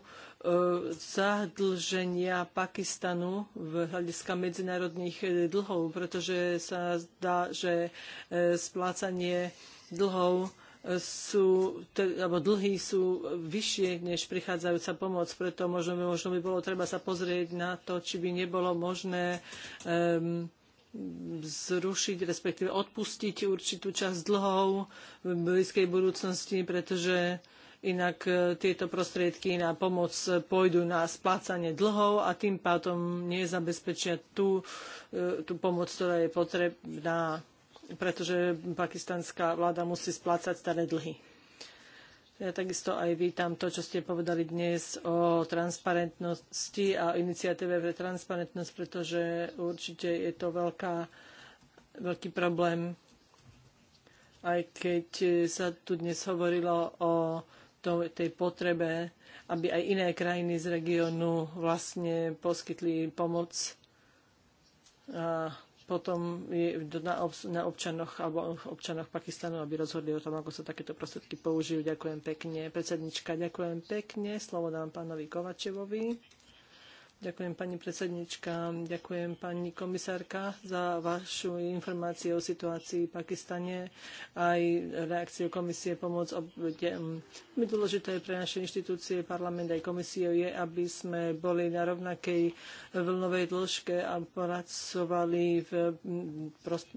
zadlženia Pakistanu v hľadiska medzinárodných e, dlhov, pretože sa zdá, že splácanie dlhov sú, alebo dlhy sú vyššie než prichádzajúca pomoc, preto možno, možno by bolo treba sa pozrieť na to, či by nebolo možné um, zrušiť, respektíve odpustiť určitú časť dlhov v blízkej budúcnosti, pretože inak e, tieto prostriedky na pomoc pôjdu na splácanie dlhov a tým pádom nezabezpečia tú, e, tú pomoc, ktorá je potrebná pretože pakistanská vláda musí splácať staré dlhy. Ja takisto aj vítam to, čo ste povedali dnes o transparentnosti a iniciatíve pre transparentnosť, pretože určite je to veľká, veľký problém. Aj keď sa tu dnes hovorilo o to, tej potrebe, aby aj iné krajiny z regiónu vlastne poskytli pomoc a potom je na, ob, na občanoch alebo občanoch Pakistanu, aby rozhodli o tom, ako sa takéto prostriedky použijú. Ďakujem pekne. Predsednička, ďakujem pekne. Slovo dám pánovi Kovačevovi. Ďakujem pani predsednička, ďakujem pani komisárka za vašu informáciu o situácii v Pakistane aj reakciu komisie pomoc obetiam. Veľmi dôležité pre naše inštitúcie, parlament aj komisiu je, aby sme boli na rovnakej vlnovej dĺžke a pracovali v prost-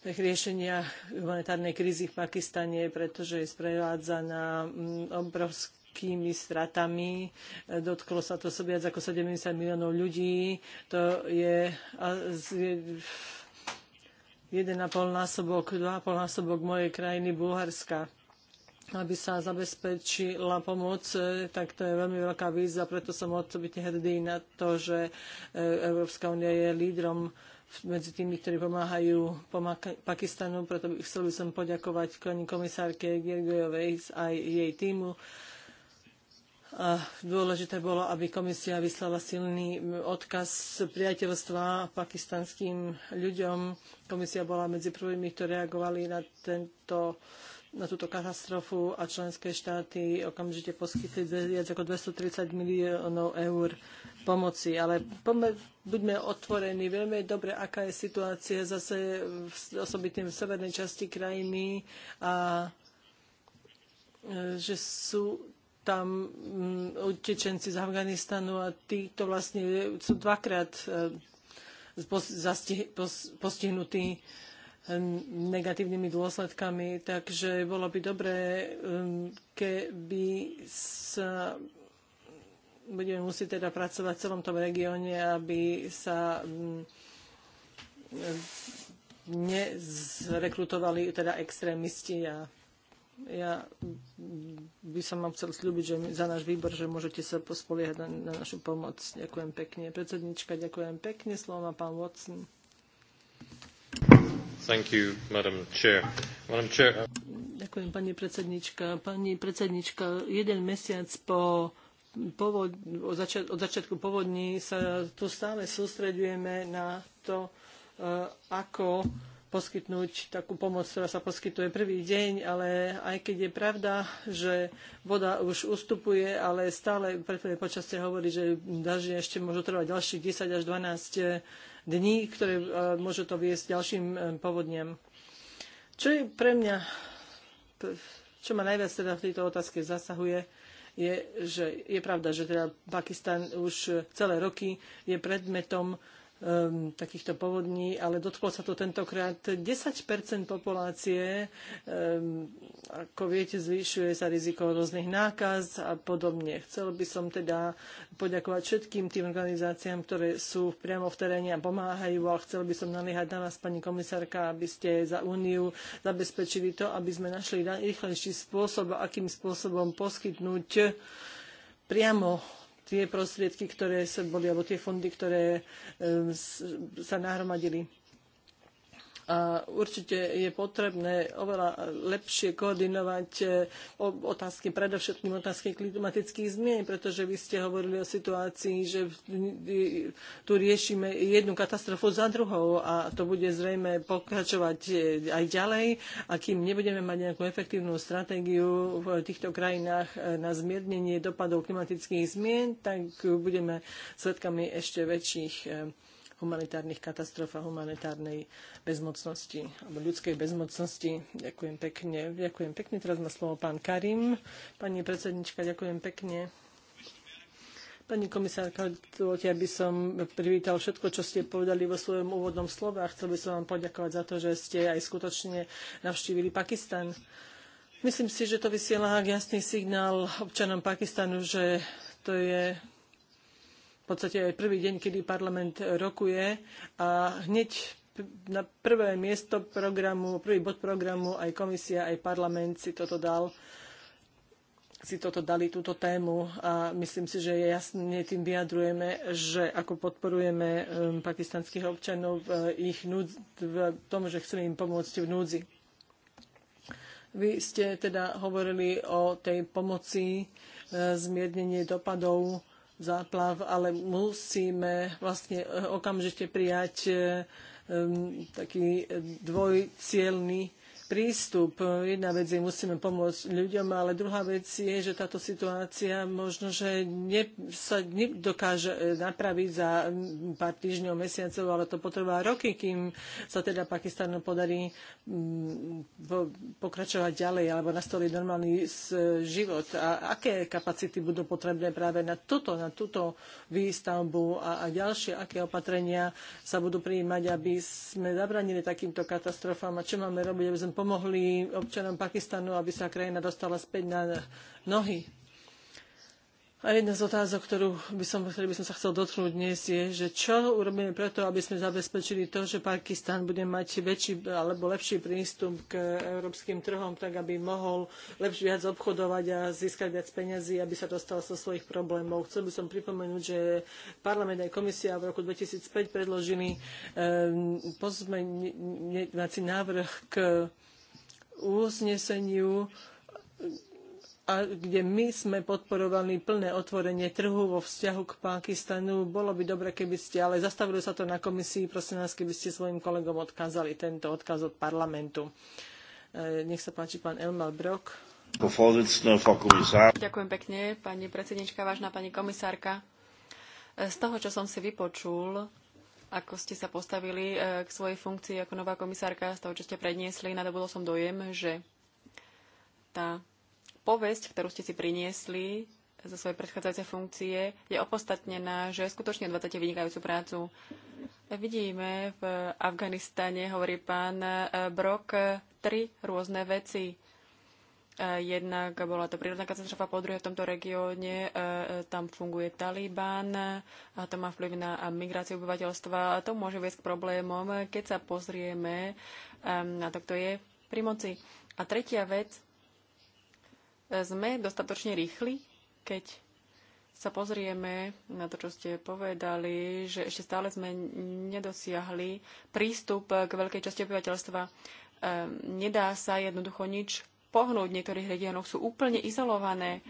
riešenia humanitárnej krízy v Pakistane, pretože je sprevádzaná mm, obrovská veľkými stratami. Dotklo sa to so viac ako 70 miliónov ľudí. To je 1,5 násobok, 2,5 násobok mojej krajiny Bulharska aby sa zabezpečila pomoc, e, tak to je veľmi veľká výzva, preto som osobitne hrdý na to, že e, Európska únia je lídrom medzi tými, ktorí pomáhajú Pakistanu, preto chcel by som poďakovať pani komisárke Giergojovej aj jej týmu a dôležité bolo, aby komisia vyslala silný odkaz priateľstva pakistanským ľuďom. Komisia bola medzi prvými, ktorí reagovali na, tento, na túto katastrofu a členské štáty okamžite poskytli viac ako 230 miliónov eur pomoci. Ale buďme otvorení, vieme dobre, aká je situácia zase v, osobitým v severnej časti krajiny a e, že sú tam mm, utečenci z Afganistanu a to vlastne sú dvakrát e, postihnutí e, negatívnymi dôsledkami, takže bolo by dobré, e, keby sa budeme musieť teda pracovať v celom tom regióne, aby sa mm, nezrekrutovali teda extrémisti a ja by som vám chcel slúbiť, že za náš výbor, že môžete sa pospoliehať na, na našu pomoc. Ďakujem pekne. Predsednička, ďakujem pekne. Slovo má pán Watson. Thank you, Madam Chair. Madam Chair. Uh, ďakujem, pani predsednička. Pani predsednička, jeden mesiac po povod, od, začiat, od začiatku povodní sa tu stále sústredujeme na to, uh, ako poskytnúť takú pomoc, ktorá sa poskytuje prvý deň, ale aj keď je pravda, že voda už ustupuje, ale stále preto je počasie hovorí, že dažde ešte môžu trvať ďalších 10 až 12 eh, dní, ktoré eh, môžu to viesť ďalším eh, povodniam. Čo je pre mňa, čo ma najviac teda v tejto otázke zasahuje, je, že je pravda, že teda Pakistan už celé roky je predmetom um, takýchto povodní, ale dotklo sa to tentokrát 10 populácie. Um, ako viete, zvyšuje sa riziko rôznych nákaz a podobne. Chcel by som teda poďakovať všetkým tým organizáciám, ktoré sú priamo v teréne a pomáhajú a chcel by som naliehať na vás, pani komisárka, aby ste za Úniu zabezpečili to, aby sme našli rýchlejší spôsob, akým spôsobom poskytnúť priamo tie prostriedky, ktoré sa boli, alebo tie fondy, ktoré eh, sa nahromadili a určite je potrebné oveľa lepšie koordinovať e, otázky, predovšetkým otázky klimatických zmien, pretože vy ste hovorili o situácii, že tu riešime jednu katastrofu za druhou a to bude zrejme pokračovať e, aj ďalej a kým nebudeme mať nejakú efektívnu stratégiu v týchto krajinách e, na zmiernenie dopadov klimatických zmien, tak budeme svedkami ešte väčších humanitárnych katastrof a humanitárnej bezmocnosti alebo ľudskej bezmocnosti. Ďakujem pekne. Ďakujem pekne. Teraz má slovo pán Karim. Pani predsednička, ďakujem pekne. Pani komisárka, dovolte, aby som privítal všetko, čo ste povedali vo svojom úvodnom slove a chcel by som vám poďakovať za to, že ste aj skutočne navštívili Pakistan. Myslím si, že to vysiela jasný signál občanom Pakistanu, že to je podstate aj prvý deň, kedy parlament rokuje a hneď na prvé miesto programu, prvý bod programu aj komisia, aj parlament si toto dal si toto dali, túto tému a myslím si, že jasne tým vyjadrujeme, že ako podporujeme um, pakistanských občanov v eh, ich núd, v tom, že chceme im pomôcť v núdzi. Vy ste teda hovorili o tej pomoci, eh, zmiernenie dopadov záplav, ale musíme vlastne e, okamžite prijať e, taký dvojcielný prístup. Jedna vec je, musíme pomôcť ľuďom, ale druhá vec je, že táto situácia možno, že ne, sa nedokáže eh, napraviť za mm, pár týždňov, mesiacov, ale to potrvá roky, kým sa teda Pakistanu podarí mm, pokračovať ďalej alebo nastoliť normálny eh, život. A aké kapacity budú potrebné práve na toto, na túto výstavbu a, a ďalšie, aké opatrenia sa budú prijímať, aby sme zabranili takýmto katastrofám a čo máme robiť, aby sme pomohli občanom Pakistanu, aby sa krajina dostala späť na nohy. A jedna z otázok, ktorú by som, ktorý by som sa chcel dotknúť dnes, je, že čo urobíme preto, aby sme zabezpečili to, že Pakistan bude mať väčší alebo lepší prístup k európskym trhom, tak aby mohol lepšie viac obchodovať a získať viac peňazí, aby sa dostal zo svojich problémov. Chcel by som pripomenúť, že parlament aj komisia v roku 2005 predložili ehm, pozmeňovací návrh k uzneseniu a kde my sme podporovali plné otvorenie trhu vo vzťahu k Pakistanu. Bolo by dobre, keby ste, ale zastavilo sa to na komisii, prosím nás, keby ste svojim kolegom odkázali tento odkaz od parlamentu. E, nech sa páči pán Elmar Brok. Ďakujem pekne, pani predsednička, vážna pani komisárka. E, z toho, čo som si vypočul, ako ste sa postavili e, k svojej funkcii ako nová komisárka, z toho, čo ste predniesli, nadobudol som dojem, že tá povesť, ktorú ste si priniesli zo svoje predchádzajúce funkcie, je opostatnená, že skutočne odvádzate vynikajúcu prácu. Vidíme v Afganistane, hovorí pán e, Brok, tri rôzne veci E, jednak bola to prírodná katastrofa, po druhé v tomto regióne e, tam funguje Taliban a to má vplyv na migráciu obyvateľstva a to môže viesť k problémom, keď sa pozrieme na to, kto je pri moci. A tretia vec, sme dostatočne rýchli, keď sa pozrieme na to, čo ste povedali, že ešte stále sme nedosiahli prístup k veľkej časti obyvateľstva. Nedá sa jednoducho nič pohnúť. V niektorých regiónoch sú úplne izolované.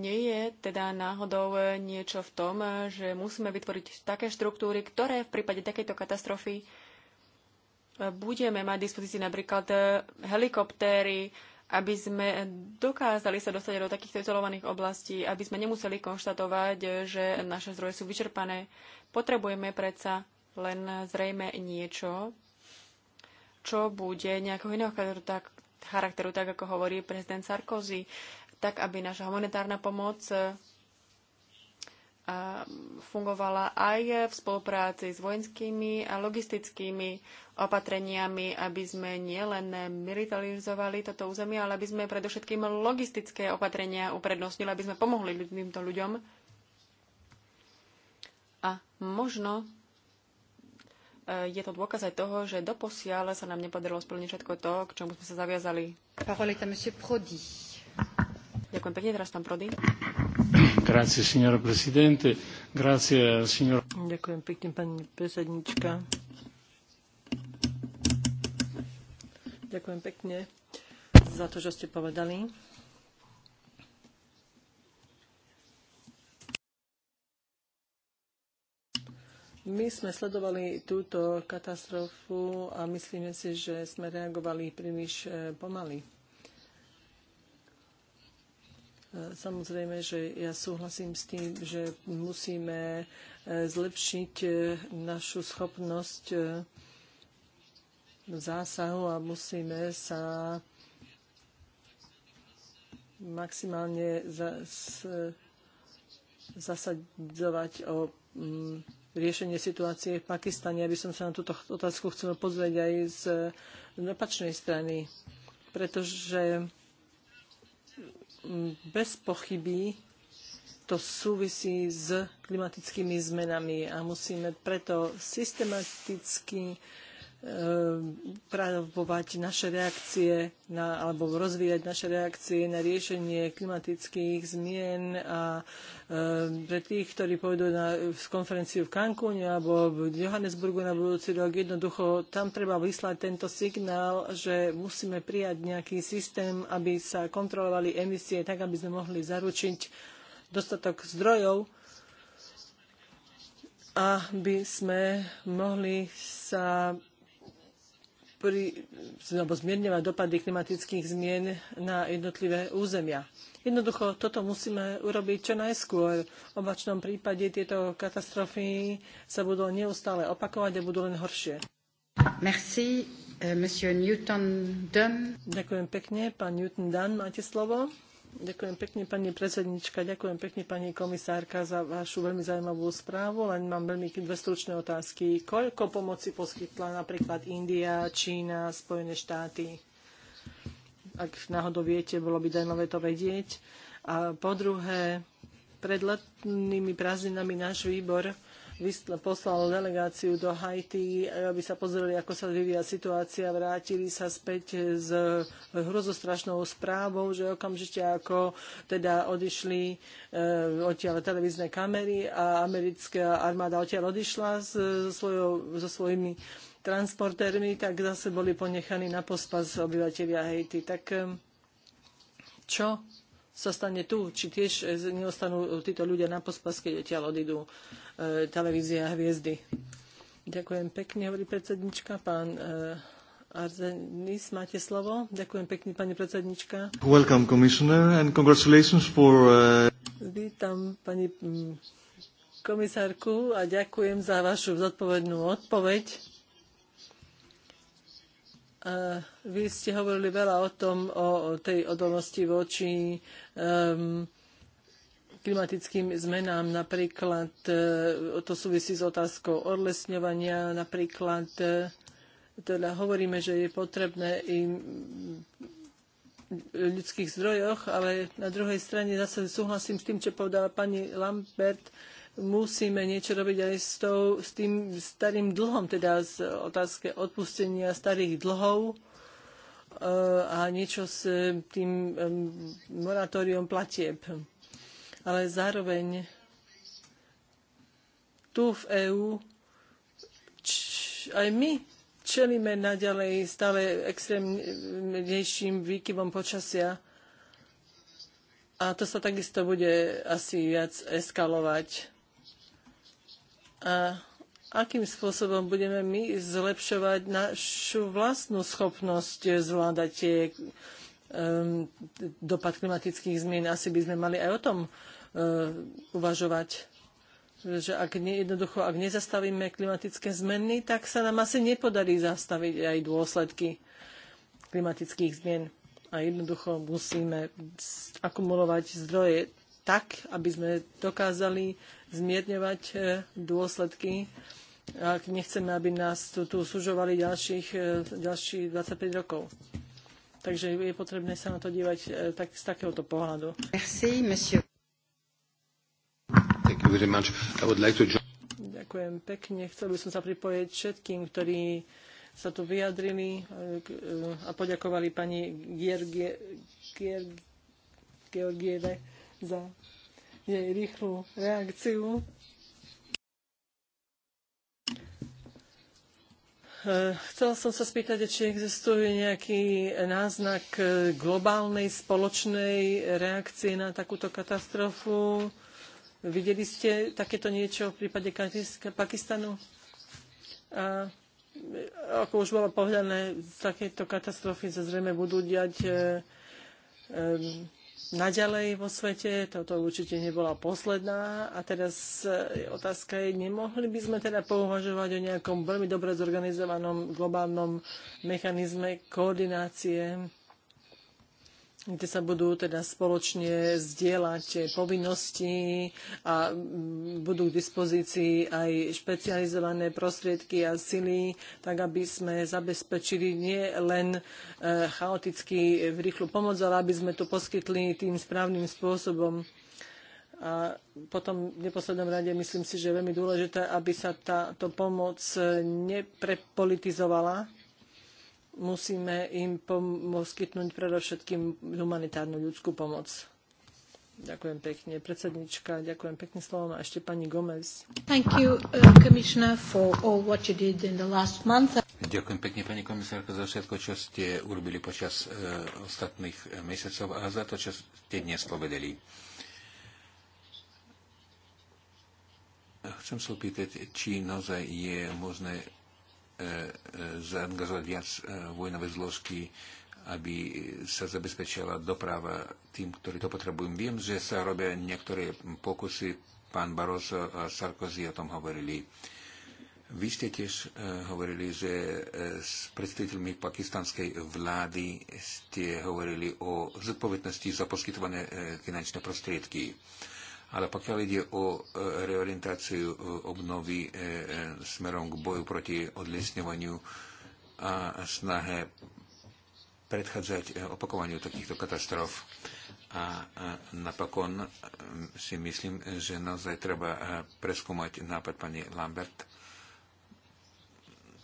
Nie je teda náhodou niečo v tom, že musíme vytvoriť také štruktúry, ktoré v prípade takejto katastrofy budeme mať v dispozícii napríklad helikoptéry, aby sme dokázali sa dostať do takýchto izolovaných oblastí, aby sme nemuseli konštatovať, že naše zdroje sú vyčerpané. Potrebujeme predsa len zrejme niečo, čo bude nejakého iného charakteru, tak, charakteru, tak ako hovorí prezident Sarkozy, tak aby naša humanitárna pomoc e, fungovala aj v spolupráci s vojenskými a logistickými opatreniami, aby sme nielen militarizovali toto územie, ale aby sme predovšetkým logistické opatrenia uprednostnili, aby sme pomohli týmto ľuďom. A možno E, je to dôkaz aj toho, že doposiaľ sa nám nepodarilo splniť všetko to, k čomu sme sa zaviazali. Parole est monsieur Prodi. Ďakujem pekne, teraz pán Prodi. Grazie, signora presidente. Grazie, signora... Ďakujem pekne, pani predsednička. Ďakujem pekne za to, že ste povedali. My sme sledovali túto katastrofu a myslíme si, že sme reagovali príliš e, pomaly. E, samozrejme, že ja súhlasím s tým, že musíme e, zlepšiť našu schopnosť zásahu a musíme sa maximálne zasadzovať o mm, riešenie situácie v Pakistane. Aby som sa na túto otázku chcela pozrieť aj z opačnej strany, pretože mm, bez pochyby to súvisí s klimatickými zmenami a musíme preto systematicky uh, Eh, právovať naše reakcie na, alebo rozvíjať naše reakcie na riešenie klimatických zmien a e, pre tých, ktorí pôjdu na konferenciu v Cancúne alebo v Johannesburgu na budúci rok, jednoducho tam treba vyslať tento signál, že musíme prijať nejaký systém, aby sa kontrolovali emisie tak, aby sme mohli zaručiť dostatok zdrojov, aby sme mohli sa pri, alebo zmierňovať dopady klimatických zmien na jednotlivé územia. Jednoducho toto musíme urobiť čo najskôr. V obačnom prípade tieto katastrofy sa budú neustále opakovať a budú len horšie. Merci, eh, monsieur Newton Dunn. Ďakujem pekne, pán Newton Dunn, máte slovo. Ďakujem pekne, pani predsednička, ďakujem pekne, pani komisárka, za vašu veľmi zaujímavú správu, len mám veľmi dve stručné otázky. Koľko pomoci poskytla napríklad India, Čína, Spojené štáty? Ak náhodou viete, bolo by daňové to vedieť. A po druhé, pred letnými prázdninami náš výbor poslal delegáciu do Haiti, aby sa pozreli, ako sa vyvíja situácia. Vrátili sa späť s hrozostrašnou správou, že okamžite ako teda odišli eh, odtiaľ televízne kamery a americká armáda odtiaľ odišla so, svojou, so svojimi transportérmi, tak zase boli ponechaní na pospas obyvateľia Haiti. Tak eh, čo sa stane tu, či tiež e, neostanú e, títo ľudia na pospas, keď odtiaľ odídu e, televízia a hviezdy. Ďakujem pekne, hovorí predsednička. Pán e, Arzenis, máte slovo. Ďakujem pekne, pani predsednička. Welcome, commissioner, and congratulations for... Uh... Vítam, pani mm, komisárku, a ďakujem za vašu zodpovednú odpoveď vy ste hovorili veľa o tom, o tej odolnosti voči um, klimatickým zmenám. Napríklad e, to súvisí s otázkou odlesňovania. Napríklad e, teda hovoríme, že je potrebné i v ľudských zdrojoch, ale na druhej strane zase súhlasím s tým, čo povedala pani Lambert, musíme niečo robiť aj s, tou, s tým starým dlhom, teda z otázke odpustenia starých dlhov e, a niečo s tým moratóriom platieb. Ale zároveň tu v EÚ aj my čelíme naďalej stále extrémnejším výkyvom počasia a to sa takisto bude asi viac eskalovať a akým spôsobom budeme my zlepšovať našu vlastnú schopnosť zvládať tie um, dopad klimatických zmien. Asi by sme mali aj o tom uh, uvažovať. Že ak nie, jednoducho, ak nezastavíme klimatické zmeny, tak sa nám asi nepodarí zastaviť aj dôsledky klimatických zmien. A jednoducho musíme akumulovať zdroje tak, aby sme dokázali zmierňovať e, dôsledky ak nechceme, aby nás tu, tu sužovali ďalších, e, ďalších 25 rokov. Takže je potrebné sa na to dívať e, tak, z takéhoto pohľadu. Merci, monsieur. Thank you very much. I would like to... Ďakujem pekne. Chcel by som sa pripojiť všetkým, ktorí sa tu vyjadrili a poďakovali pani Georgie Gier, Gier, Georgieve za jej rýchlu reakciu. E, chcela som sa spýtať, či existuje nejaký náznak globálnej spoločnej reakcie na takúto katastrofu. Videli ste takéto niečo v prípade Pakistanu? A ako už bolo povedané, takéto katastrofy sa zrejme budú diať e, e, naďalej vo svete. Toto určite nebola posledná. A teraz e, otázka je, nemohli by sme teda pouvažovať o nejakom veľmi dobre zorganizovanom globálnom mechanizme koordinácie kde sa budú teda spoločne zdieľať povinnosti a mm, budú k dispozícii aj špecializované prostriedky a sily, tak aby sme zabezpečili nie len e, chaoticky rýchlu pomoc, ale aby sme to poskytli tým správnym spôsobom. A potom v neposlednom rade myslím si, že je veľmi dôležité, aby sa táto pomoc neprepolitizovala, musíme im poskytnúť predovšetkým humanitárnu ľudskú pomoc. Ďakujem pekne. Predsednička, ďakujem pekne slovom a ešte pani Gomez. Thank you, uh, for all what you did in the last month. Ďakujem pekne, pani komisárka, za všetko, čo ste urobili počas uh, ostatných uh, mesiacov a za to, čo ste dnes povedali. Chcem sa opýtať, či naozaj je možné E, e, zaangažovať viac e, vojnové zložky, aby sa zabezpečila doprava tým, ktorí to potrebujú. Viem, že sa robia niektoré pokusy, pán Barroso a Sarkozy o tom hovorili. Vy ste tiež hovorili, že s predstaviteľmi pakistanskej vlády ste hovorili o zodpovednosti za poskytované finančné prostriedky. Ale pokiaľ ide o e, reorientáciu e, obnovy e, smerom k boju proti odlesňovaniu a snahe predchádzať opakovaniu takýchto katastrof. A napokon si myslím, že naozaj treba preskúmať nápad pani Lambert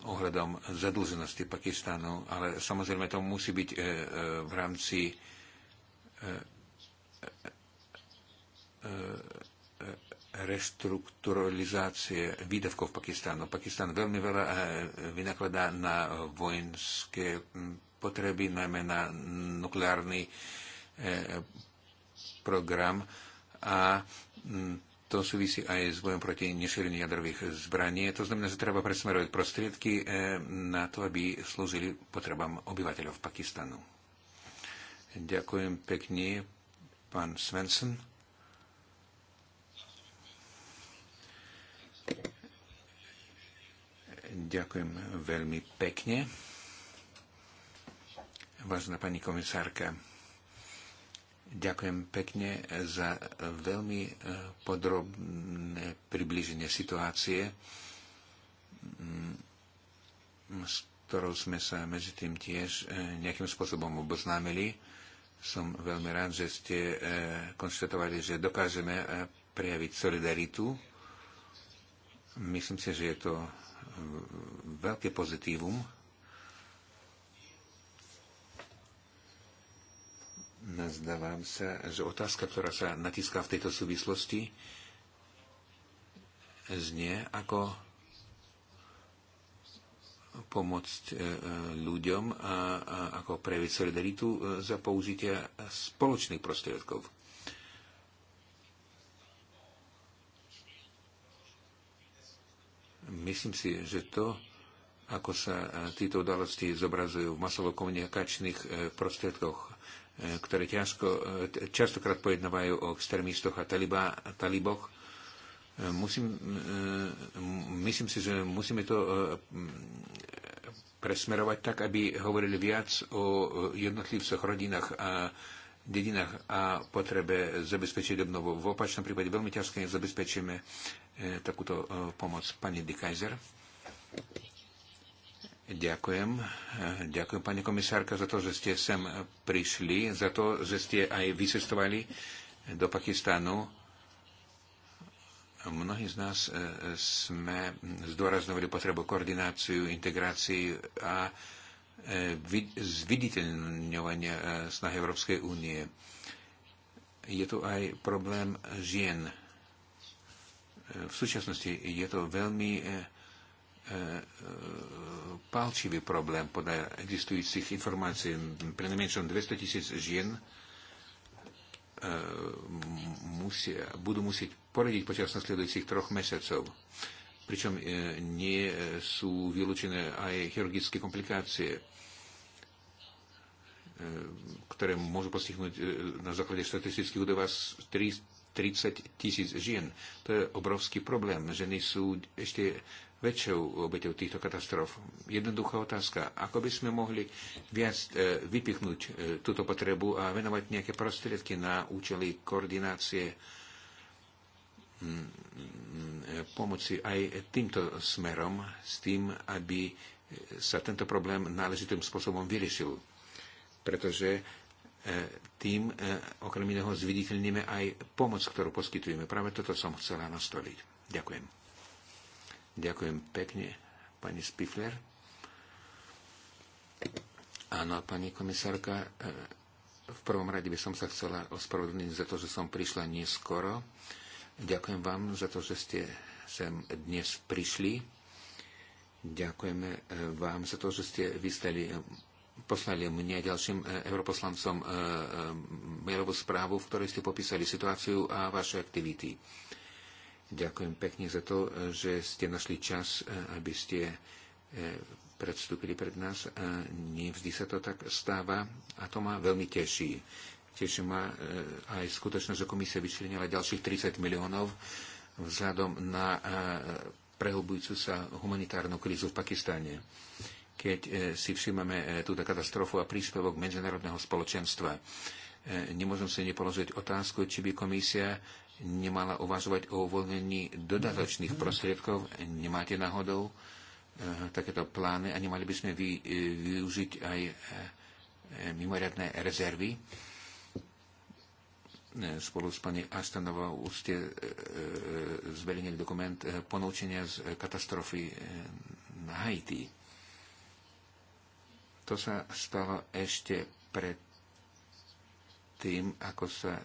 ohľadom zadlženosti Pakistanu, ale samozrejme to musí byť v rámci E, e, reštrukturalizácie výdavkov Pakistánu. Pakistán veľmi veľa e, vynakladá na vojenské potreby, najmä na nukleárny program a to súvisí aj s bojom proti nešíreniu jadrových zbraní. To znamená, že treba presmerovať prostriedky na to, aby slúžili potrebám obyvateľov Pakistanu. Ďakujem pekne, pán Svensson. Ďakujem veľmi pekne. Vážená pani komisárka, ďakujem pekne za veľmi e, podrobné približenie situácie, mm, s ktorou sme sa medzi tým tiež e, nejakým spôsobom oboznámili. Som veľmi rád, že ste e, konštatovali, že dokážeme prejaviť solidaritu. Myslím si, že je to veľké pozitívum. Nazdávam sa, že otázka, ktorá sa natiská v tejto súvislosti, znie ako pomôcť e, e, ľuďom a, a ako prejaviť solidaritu e, za použitia spoločných prostriedkov. Myslím si, že to, ako sa e, títo udalosti zobrazujú v masovokomunikačných e, prostriedkoch, e, ktoré ťažko, častokrát pojednávajú o extrémistoch a taliba, taliboch. Musím, myslím si, že musíme to presmerovať tak, aby hovorili viac o jednotlivcoch, rodinách a dedinách a potrebe zabezpečiť obnovu. V opačnom prípade veľmi ťažké zabezpečíme e, takúto e, pomoc. Pani De Kaiser. Ďakujem. E, ďakujem, pani komisárka, za to, že ste sem prišli, za to, že ste aj vycestovali do Pakistánu. Mnohí z nás sme zdôrazňovali potrebu koordináciu, integráciu a Eh, zviditeľňovania eh, snahy Európskej únie. Je tu aj problém žien. Eh, v súčasnosti je to veľmi palčivý problém podľa existujúcich informácií. Pre najmenšom 200 tisíc žien musia, budú musieť poradiť počas nasledujúcich troch mesiacov pričom e, nie sú vylúčené aj chirurgické komplikácie, e, ktoré môžu postihnúť e, na základe štatistických údajov 30 tisíc žien. To je obrovský problém. Ženy sú ešte väčšou obeťou týchto katastrof. Jednoduchá otázka. Ako by sme mohli viac vypichnúť túto potrebu a venovať nejaké prostriedky na účely koordinácie Eh, pomoci aj týmto smerom s tým, aby eh, sa tento problém náležitým spôsobom vyriešil. Pretože eh, tým okrem iného zviditeľníme aj pomoc, ktorú poskytujeme. Práve toto som chcela nastoliť. Ďakujem. Ďakujem pekne, pani Spifler. Áno, pani komisárka, v prvom rade by som sa chcela ospravedlniť za to, že som prišla neskoro. Ďakujem vám za to, že ste sem dnes prišli. Ďakujeme e, vám za to, že ste vystali e, poslali mne a ďalším e, europoslancom mailovú správu, v ktorej ste popísali situáciu a vaše aktivity. Ďakujem pekne za to, že ste našli čas, aby ste predstúpili pred nás. Nevždy sa to tak stáva a to ma veľmi teší. Teší ma e, aj skutočnosť, že komisia vyčlenila ďalších 30 miliónov vzhľadom na e, prehlbujúcu sa humanitárnu krízu v Pakistane. Keď e, si všimame túto katastrofu a príspevok medzinárodného spoločenstva, nemôžem si nepoložiť otázku, či by komisia nemala uvažovať o uvoľnení dodatočných prostriedkov. Nemáte náhodou takéto plány a nemali by sme využiť aj mimoriadné rezervy? E, spolu s pani Astanovou ste e, e, zverejnili dokument ponúčenia z katastrofy na Haiti. To sa stalo ešte pred tým, ako sa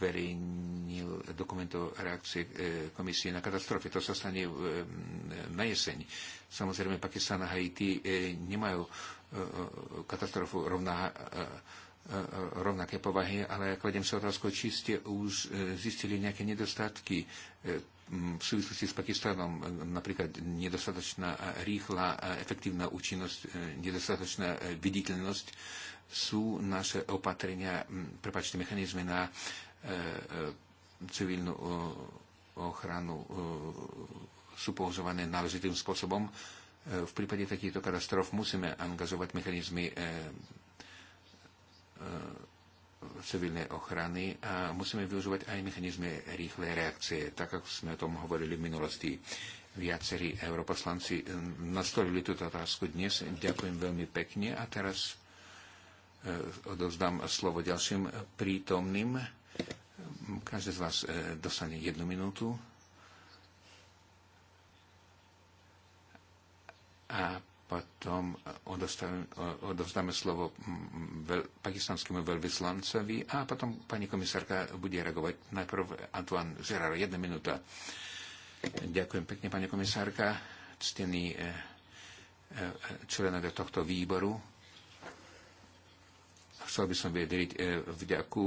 zverejnil dokument o reakcie komisie na katastrofy. To sa stane na jeseň. Samozrejme, Pakistan a Haiti nemajú katastrofu rovná E, e, rovnaké povahy, ale kladiem sa otázku, či ste už e, zistili nejaké nedostatky v súvislosti s Pakistanom, napríklad nedostatočná rýchla a efektívna účinnosť, nedostatočná viditeľnosť, sú naše opatrenia, prepačte, mechanizmy na civilnú ochranu sú pohozované náležitým spôsobom. V prípade takýchto katastrof musíme angažovať mechanizmy E, civilnej ochrany a musíme využívať aj mechanizmy rýchlej reakcie, tak ako sme o tom hovorili v minulosti. Viacerí europoslanci e, nastolili túto otázku dnes. Ďakujem veľmi pekne a teraz e, odovzdám slovo ďalším prítomným. Každý z vás dostane jednu minútu. A potom eh, eh, odovzdáme slovo mm, mm, pakistanskému veľvyslancovi a potom pani komisárka bude reagovať. Najprv Antoine Žerar, jedna minúta. Ďakujem pekne, pani komisárka, ctení eh, členovia tohto výboru. Chcel by som vedieť vďaku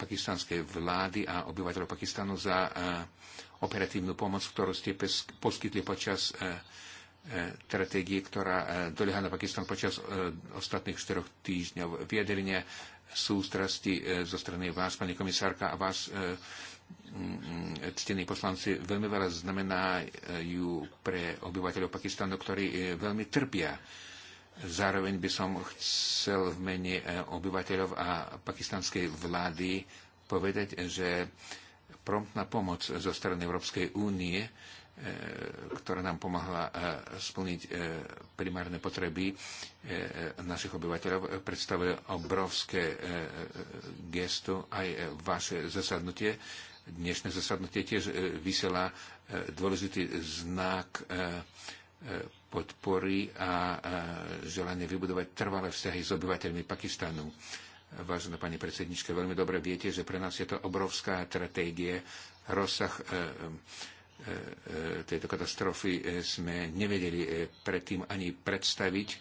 pakistanskej vlády a obyvateľov Pakistanu za operatívnu pomoc, ktorú ste poskytli počas E, stratégie, ktorá e, dolieha na Pakistan počas e, ostatných štyroch týždňov. Vyjadrenia sústrasti zo strany vás, pani komisárka, a vás, ctení poslanci, veľmi veľa znamenajú pre obyvateľov Pakistanu, ktorí veľmi trpia. Zároveň by som chcel v mene obyvateľov a pakistanskej vlády povedať, že promptná pomoc zo strany Európskej únie E, ktorá nám pomáhala e, splniť e, primárne potreby našich obyvateľov, predstavuje obrovské gesto, aj vaše zasadnutie. Dnešné zasadnutie tiež vysiela dôležitý znak podpory a želanie vybudovať trvalé vzťahy s obyvateľmi Pakistanu. Vážená pani predsednička, veľmi dobre viete, že pre nás je to obrovská stratégie, rozsah e, E, e, tejto katastrofy e, sme nevedeli predtým ani predstaviť.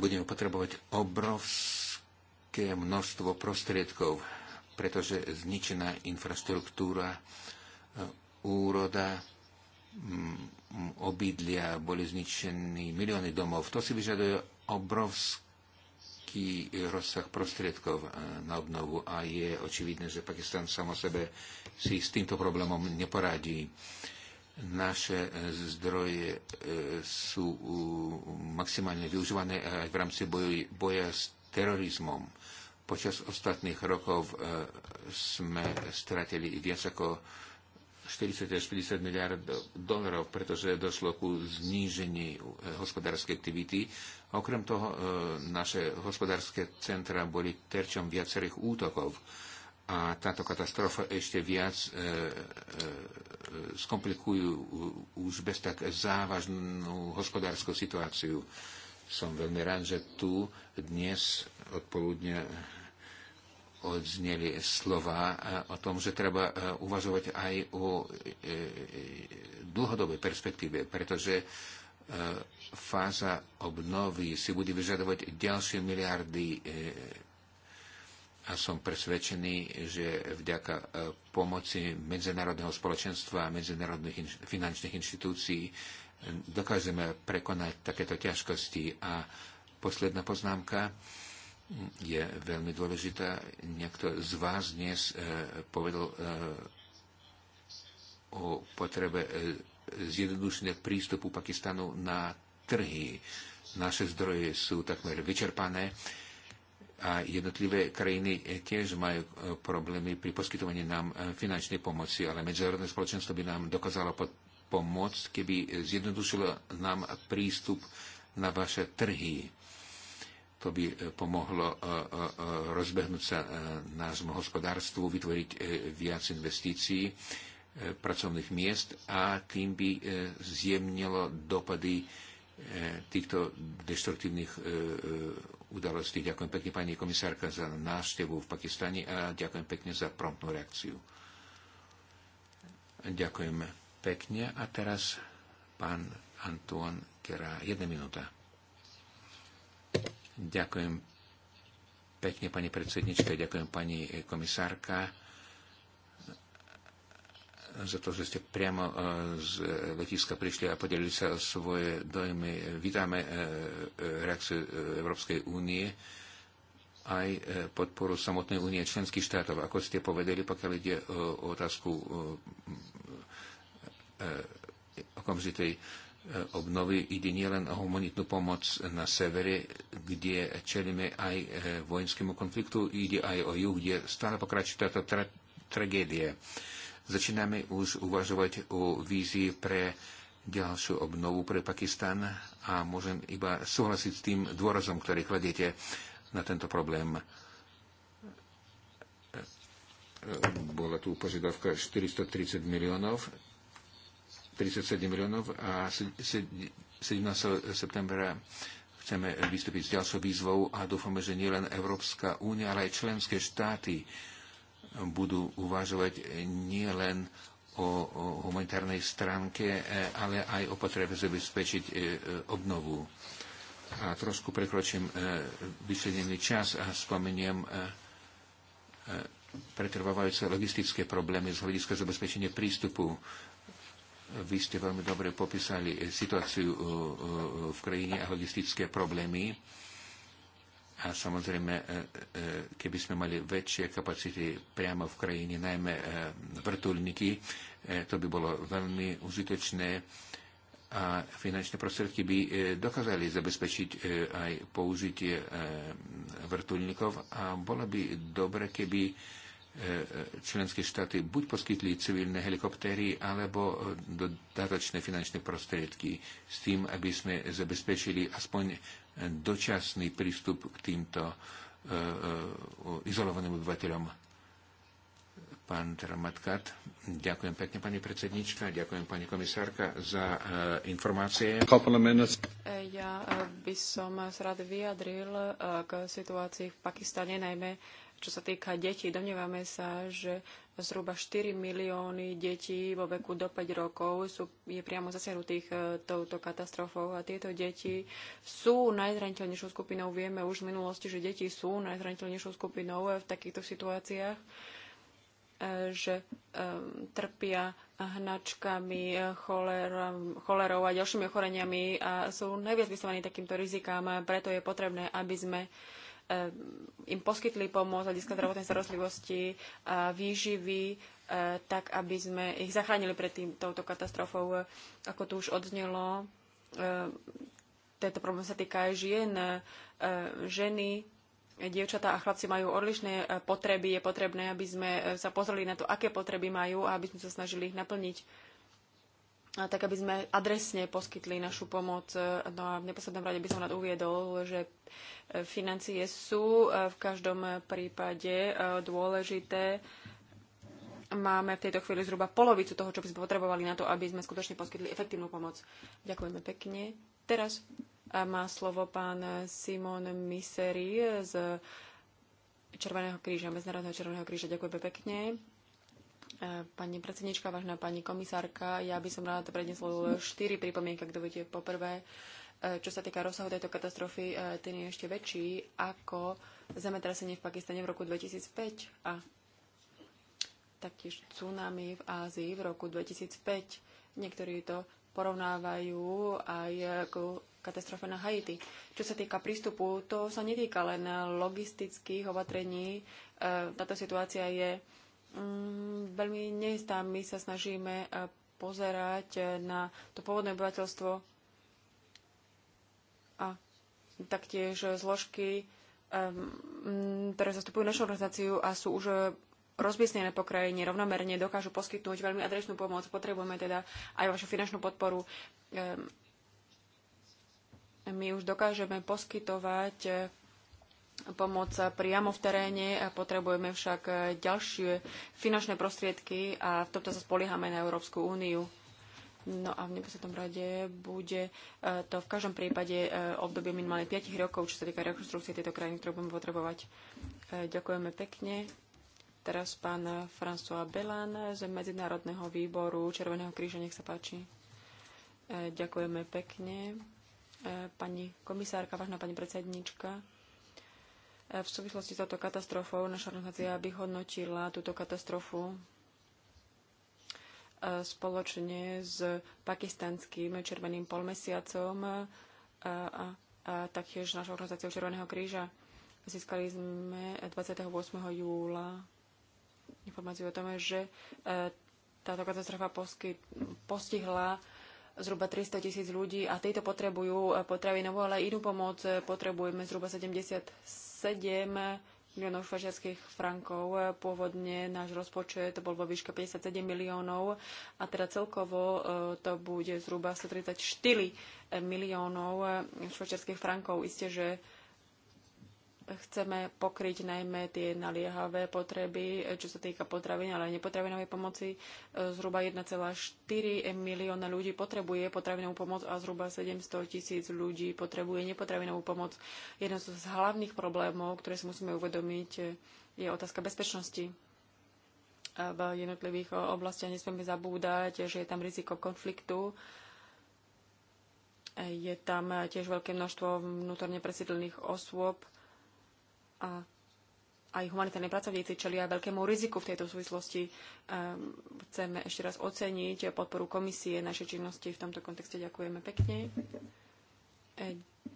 Budeme potrebovať obrovské množstvo prostriedkov, pretože zničená infraštruktúra, úroda, obydlia, boli zničení milióny domov. To si vyžaduje obrovské veľký rozsah prostriedkov eh, na obnovu a je očividné, že Pakistan o sebe si s týmto problémom neporadí. Naše eh, zdroje eh, sú maximálne využívané aj v rámci boju, boja s terorizmom. Počas ostatných rokov sme stratili viac ako 40 až 50 miliard dolarov, pretože došlo ku zníženiu eh, hospodárskej aktivity. Okrem toho, eh, naše hospodárske centra boli terčom viacerých útokov a táto katastrofa ešte viac eh, skomplikujú už bez tak závažnú hospodárskú situáciu. Som veľmi rád, že tu dnes odpoludne odzneli slova e, o tom, že treba e, uvažovať aj o e, dlhodobej perspektíve, pretože fáza obnovy si bude vyžadovať ďalšie miliardy a som presvedčený, že vďaka pomoci medzinárodného spoločenstva a medzinárodných finančných inštitúcií dokážeme prekonať takéto ťažkosti. A posledná poznámka je veľmi dôležitá. Niekto z vás dnes e, povedal e, o potrebe e, zjednodušenia prístupu Pakistanu na trhy. Naše zdroje sú takmer vyčerpané a jednotlivé krajiny tiež majú problémy pri poskytovaní nám finančnej pomoci, ale medzinárodné spoločenstvo by nám dokázalo pomôcť, keby zjednodušilo nám prístup na vaše trhy to by e, pomohlo e, e, rozbehnúť sa nášmu hospodárstvu, vytvoriť viac investícií, pracovných miest a tým by zjemnilo dopady týchto destruktívnych udalostí. Ďakujem pekne pani komisárka za návštevu v Pakistane a ďakujem pekne za promptnú reakciu. Ďakujem pekne a teraz pán Antoine Kera. Jedna minúta. Ďakujem pekne, pani predsednička, ďakujem pani komisárka za to, že ste priamo e, z letiska prišli a podelili sa o svoje dojmy. Vítame e, e, reakciu Európskej únie aj podporu samotnej únie členských štátov. Ako ste povedali, pokiaľ ide o otázku okamžitej obnovy ide nielen o humanitnú pomoc na severe, kde čelíme aj e, vojenskému konfliktu, ide aj o juh, kde stále pokračuje táto tra- tragédia. Začíname už uvažovať o vízii pre ďalšiu obnovu pre Pakistan a môžem iba súhlasiť s tým dôrazom, ktorý kladiete na tento problém. E, e, bola tu požiadavka 430 miliónov 47 miliónov a 17. septembra chceme vystúpiť s ďalšou výzvou a dúfame, že nielen Európska únia, ale aj členské štáty budú uvažovať nielen o, o humanitárnej stránke, ale aj o potrebe zabezpečiť e, obnovu. A trošku prekročím e, vyčlenený čas a spomeniem e, pretrvávajúce logistické problémy z hľadiska zabezpečenia prístupu vy ste veľmi dobre popísali eh, situáciu eh, eh, v krajine a logistické problémy. A samozrejme, keby sme mali väčšie kapacity priamo v krajine, najmä vrtulníky, to by bolo veľmi užitočné a finančné prostriedky by dokázali zabezpečiť aj použitie vrtulníkov a bolo by dobre, keby E, e, členské štáty buď poskytli civilné helikoptéry alebo e, dodatočné finančné prostriedky s tým, aby sme zabezpečili aspoň dočasný prístup k týmto izolovaným obyvateľom. Pán Matkat, ďakujem pekne, pani predsednička, ďakujem pani komisárka za informácie. Ja by som sa rád vyjadril k situácii v Pakistane, najmä čo sa týka detí, domnievame sa, že zhruba 4 milióny detí vo veku do 5 rokov sú, je priamo zasiahnutých e, touto katastrofou a tieto deti sú najzraniteľnejšou skupinou. Vieme už v minulosti, že deti sú najzraniteľnejšou skupinou v takýchto situáciách e, že um, trpia hnačkami, choler, cholerou a ďalšími ochoreniami a sú najviac vystavení takýmto rizikám. Preto je potrebné, aby sme uh, im poskytli pomoc hľadiska zdravotnej starostlivosti a výživy, e, tak aby sme ich zachránili pred tým, touto katastrofou. Ako tu už odznelo, e, tento problém sa týka aj žien. E, ženy, dievčatá a chlapci majú odlišné potreby. Je potrebné, aby sme sa pozreli na to, aké potreby majú a aby sme sa snažili ich naplniť tak aby sme adresne poskytli našu pomoc. No a v neposlednom rade by som rád uviedol, že e, financie sú e, v každom prípade e, dôležité. Máme v tejto chvíli zhruba polovicu toho, čo by sme potrebovali na to, aby sme skutočne poskytli efektívnu pomoc. Ďakujeme pekne. Teraz má slovo pán Simon Miseri z Červeného kríža, Medzinárodného Červeného kríža. Ďakujeme pekne. E, pani predsednička, vážna pani komisárka, ja by som rada prednesla štyri pripomienky, ak dovedete poprvé. E, čo sa týka rozsahu tejto katastrofy, e, ten je ešte väčší ako zemetrasenie v Pakistane v roku 2005 a taktiež tsunami v Ázii v roku 2005. Niektorí to porovnávajú aj k katastrofe na Haiti. Čo sa týka prístupu, to sa netýka len logistických opatrení. Táto situácia je Mm, veľmi neistá. My sa snažíme eh, pozerať eh, na to pôvodné obyvateľstvo a taktiež zložky, mm, ktoré zastupujú našu organizáciu a sú už eh, rozbiesnené po krajine rovnomerne, dokážu poskytnúť veľmi adresnú pomoc. Potrebujeme teda aj vašu finančnú podporu. My už dokážeme poskytovať pomoc priamo v teréne, potrebujeme však ďalšie finančné prostriedky a v tomto sa spoliehame na Európsku úniu. No a v neposlednom rade bude e, to v každom prípade e, obdobie minimálne 5 rokov, čo sa týka rekonstrukcie tejto krajiny, ktorú budeme potrebovať. E, ďakujeme pekne. Teraz pán François Belan z Medzinárodného výboru Červeného kríža, nech sa páči. Ďakujeme pekne. Pani komisárka, vážna pani predsedníčka. V súvislosti s touto katastrofou naša organizácia vyhodnotila túto katastrofu e, spoločne s pakistanským červeným polmesiacom e, a, a taktiež našou organizáciou Červeného kríža. Získali sme 28. júla informáciu o tom, že e, táto katastrofa posky, postihla zhruba 300 tisíc ľudí a tejto potrebujú potravinovú, ale inú pomoc potrebujeme zhruba 70 miliónov švajčiarských frankov. Pôvodne náš rozpočet bol vo výške 57 miliónov a teda celkovo e, to bude zhruba 134 miliónov švajčiarských frankov. Isté, že chceme pokryť najmä tie naliehavé potreby, čo sa týka potravín, ale aj nepotravinovej pomoci. E, zhruba 1,4 milióna ľudí potrebuje potravinovú pomoc a zhruba 700 tisíc ľudí potrebuje nepotravinovú pomoc. Jedno z hlavných problémov, ktoré si musíme uvedomiť, je otázka bezpečnosti v jednotlivých oblastiach. Nesmieme zabúdať, že je tam riziko konfliktu, je tam tiež veľké množstvo vnútorne presídlených osôb, a aj humanitárne pracovníci čelia veľkému riziku v tejto súvislosti. Um, chceme ešte raz oceniť podporu komisie našej činnosti v tomto kontexte. Ďakujeme pekne. E,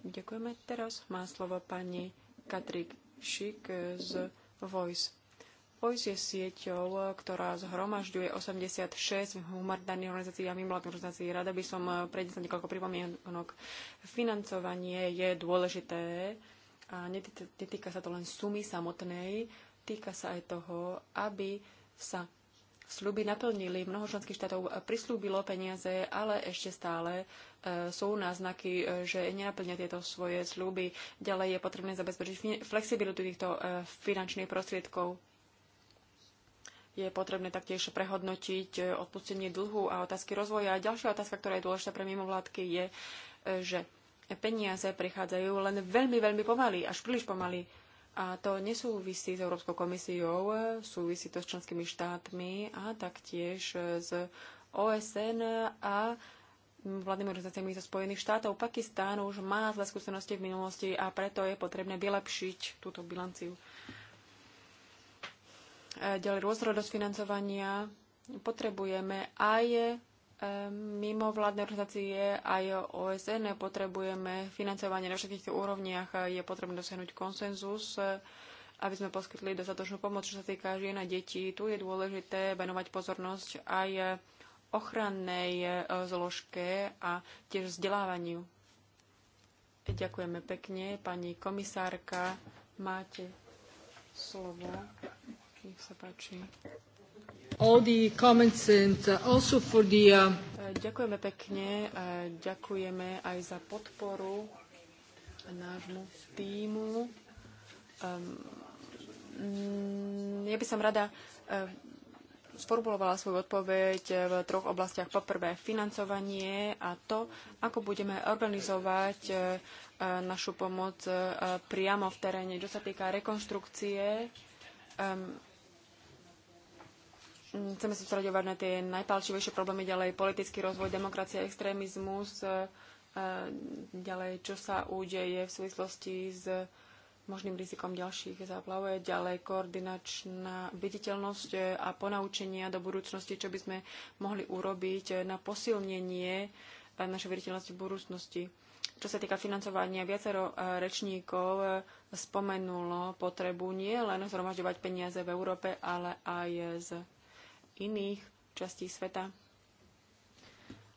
ďakujeme. Teraz má slovo pani Katrik Šik z Voice. Voice je sieťou, ktorá zhromažďuje 86 humanitárnych organizácií a mimovládnych organizácií. Rada by som prednesla niekoľko pripomienok. Financovanie je dôležité a netýka sa to len sumy samotnej, týka sa aj toho, aby sa sluby naplnili. Mnoho členských štátov prislúbilo peniaze, ale ešte stále e, sú náznaky, e, že nenaplňa tieto svoje sluby. Ďalej je potrebné zabezpečiť flexibilitu týchto e, finančných prostriedkov. Je potrebné taktiež prehodnotiť odpustenie dlhu a otázky rozvoja. A ďalšia otázka, ktorá je dôležitá pre mimovládky, je, že peniaze prichádzajú len veľmi, veľmi pomaly, až príliš pomaly. A to nesúvisí s Európskou komisiou, súvisí to s členskými štátmi a taktiež s OSN a vládnymi organizáciami zo Spojených štátov. Pakistán už má zlé skúsenosti v minulosti a preto je potrebné vylepšiť túto bilanciu. Ďalej rôzrodosť financovania. Potrebujeme aj Mimo vládnej organizácie aj OSN potrebujeme financovanie na všetkých úrovniach. Je potrebné dosiahnuť konsenzus, aby sme poskytli dostatočnú pomoc, čo sa týka žien a detí. Tu je dôležité venovať pozornosť aj ochrannej e, zložke a tiež vzdelávaniu. Ďakujeme pekne. Pani komisárka, máte slovo. Nech sa páči. Uh, uh, ďakujeme pekne ďakujeme aj za podporu nášmu týmu. Um, ja by som rada uh, sformulovala svoju odpoveď v troch oblastiach. Poprvé financovanie a to, ako budeme organizovať našu pomoc priamo v teréne. Čo sa týka rekonstrukcie. Um, Chceme sa sústredovať na tie najpalčivejšie problémy ďalej, politický rozvoj, demokracia, extrémizmus, e, e, ďalej, čo sa udeje v súvislosti s možným rizikom ďalších záplav, ďalej koordinačná viditeľnosť e, a ponaučenia do budúcnosti, čo by sme mohli urobiť na posilnenie našej viditeľnosti v budúcnosti. Čo sa týka financovania, viacero rečníkov spomenulo potrebu nie len zhromažďovať peniaze v Európe, ale aj z iných častí sveta.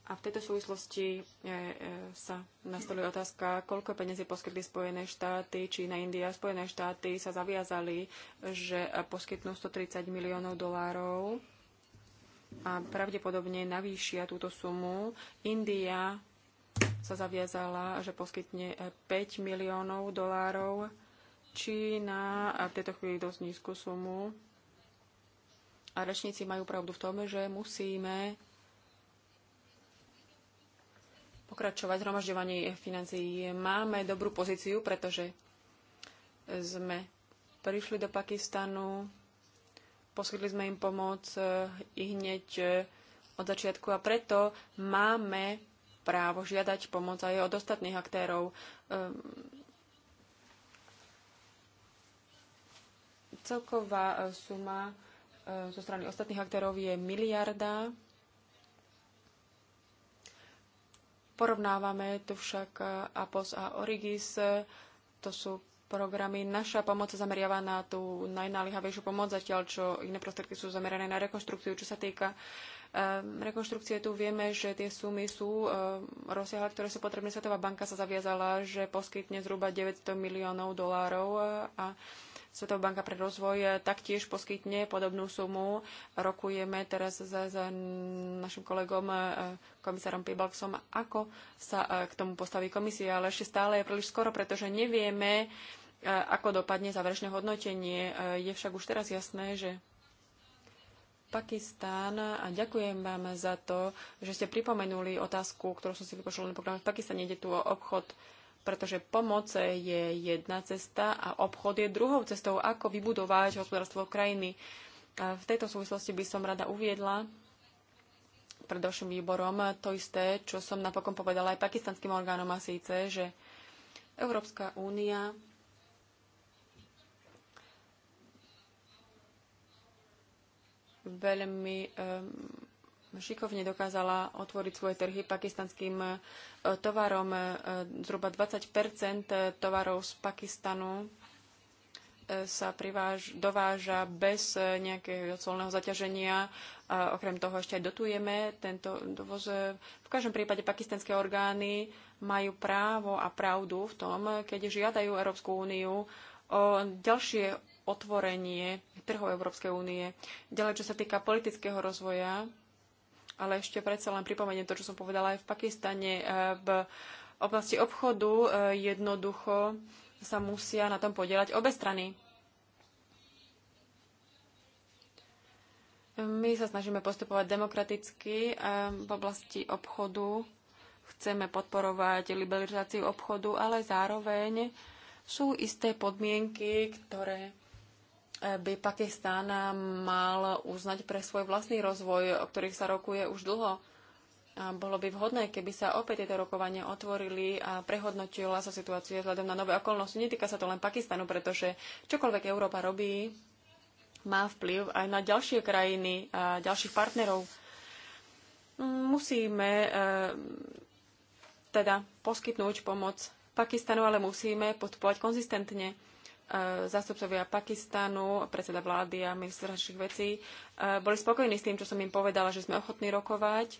A v tejto súvislosti e, e, sa nastolí otázka, koľko peniazy poskytli Spojené štáty, či na India. Spojené štáty sa zaviazali, že poskytnú 130 miliónov dolárov a pravdepodobne navýšia túto sumu. India sa zaviazala, že poskytne 5 e, miliónov dolárov. Čína a v tejto chvíli dosť nízku sumu a rečníci majú pravdu v tom, že musíme pokračovať zhromažďovanie financií. Máme dobrú pozíciu, pretože sme prišli do Pakistanu, poskytli sme im pomoc e, i hneď e, od začiatku a preto máme právo žiadať pomoc aj od ostatných aktérov. Ehm, celková e, suma Eh, zo strany ostatných aktérov je miliarda. Porovnávame tu však eh, APOS a Origis. To sú programy. Naša pomoc sa zameriava na tú najnálihavejšiu pomoc, zatiaľ čo iné prostriedky sú zamerané na rekonštrukciu. Čo sa týka eh, rekonštrukcie, tu vieme, že tie sumy sú rozsiahle, ktoré sú potrebné. Svetová banka sa zaviazala, že poskytne zhruba 900 miliónov dolárov a Svetová banka pre rozvoj taktiež poskytne podobnú sumu. Rokujeme teraz s, s našim kolegom, e, komisárom Pibalksom, ako sa e, k tomu postaví komisia, ale ešte stále je príliš skoro, pretože nevieme, e, ako dopadne záverečné hodnotenie. Je však už teraz jasné, že Pakistán a ďakujem vám za to, že ste pripomenuli otázku, ktorú som si vypočul len v Pakistane. Ide tu o obchod pretože pomoc je jedna cesta a obchod je druhou cestou, ako vybudovať hospodárstvo krajiny. v tejto súvislosti by som rada uviedla predovším výborom to isté, čo som napokon povedala aj pakistanským orgánom a síce, že Európska únia veľmi um, šikovne dokázala otvoriť svoje trhy pakistanským e, tovarom. E, zhruba 20 tovarov z Pakistanu e, sa priváž, dováža bez nejakého colného zaťaženia. A okrem toho ešte aj dotujeme tento dovoz. V každom prípade pakistanské orgány majú právo a pravdu v tom, keď žiadajú Európsku úniu o ďalšie otvorenie trhov Európskej únie. Ďalej, čo sa týka politického rozvoja, ale ešte predsa len pripomeniem to, čo som povedala aj v Pakistane. E, v oblasti obchodu e, jednoducho sa musia na tom podielať obe strany. My sa snažíme postupovať demokraticky e, v oblasti obchodu. Chceme podporovať liberalizáciu obchodu, ale zároveň sú isté podmienky, ktoré by Pakistán mal uznať pre svoj vlastný rozvoj, o ktorých sa rokuje už dlho. bolo by vhodné, keby sa opäť tieto rokovania otvorili a prehodnotila sa situácia vzhľadom na nové okolnosti. Netýka sa to len Pakistanu, pretože čokoľvek Európa robí, má vplyv aj na ďalšie krajiny a ďalších partnerov. Musíme e, teda poskytnúť pomoc Pakistanu, ale musíme podporovať konzistentne. Eh, zástupcovia Pakistanu, predseda vlády a minister zahraničných vecí, eh, boli spokojní s tým, čo som im povedala, že sme ochotní rokovať,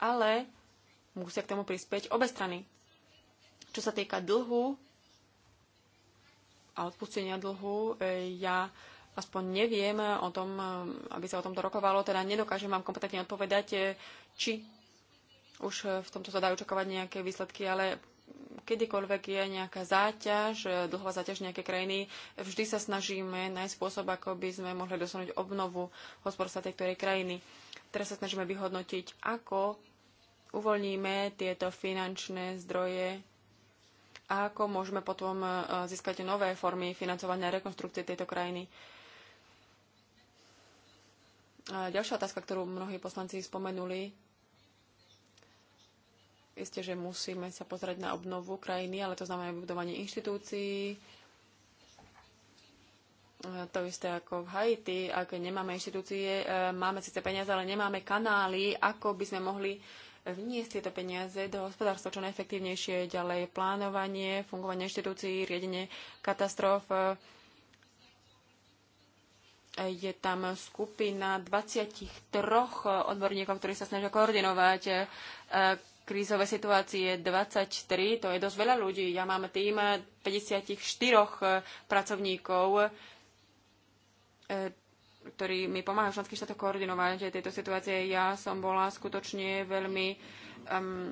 ale musia k tomu prispieť obe strany. Čo sa týka dlhu a odpustenia dlhu, eh, ja aspoň neviem o tom, aby sa o tomto rokovalo, teda nedokážem vám kompetentne odpovedať, či už v tomto sa dajú očakávať nejaké výsledky, ale kedykoľvek je nejaká záťaž, dlhová záťaž nejaké krajiny, vždy sa snažíme nájsť spôsob, ako by sme mohli dosunúť obnovu hospodárstva tej ktorej krajiny. Teraz sa snažíme vyhodnotiť, ako uvoľníme tieto finančné zdroje a ako môžeme potom e, získať nové formy financovania a rekonstrukcie tejto krajiny. A ďalšia otázka, ktorú mnohí poslanci spomenuli, Isté, že musíme sa pozrieť na obnovu krajiny, ale to znamená budovanie inštitúcií. E, to isté ako v Haiti, ak nemáme inštitúcie, e, máme síce peniaze, ale nemáme kanály, ako by sme mohli vniesť tieto peniaze do hospodárstva čo najefektívnejšie, ďalej plánovanie, fungovanie inštitúcií, riadenie katastrof. E, je tam skupina 23 odborníkov, ktorí sa snažia koordinovať krízové situácie 23, to je dosť veľa ľudí. Ja mám tým 54 e, pracovníkov, e, ktorí mi pomáhajú všetky členských koordinovať koordinovať tejto situácie. Ja som bola skutočne veľmi... Um,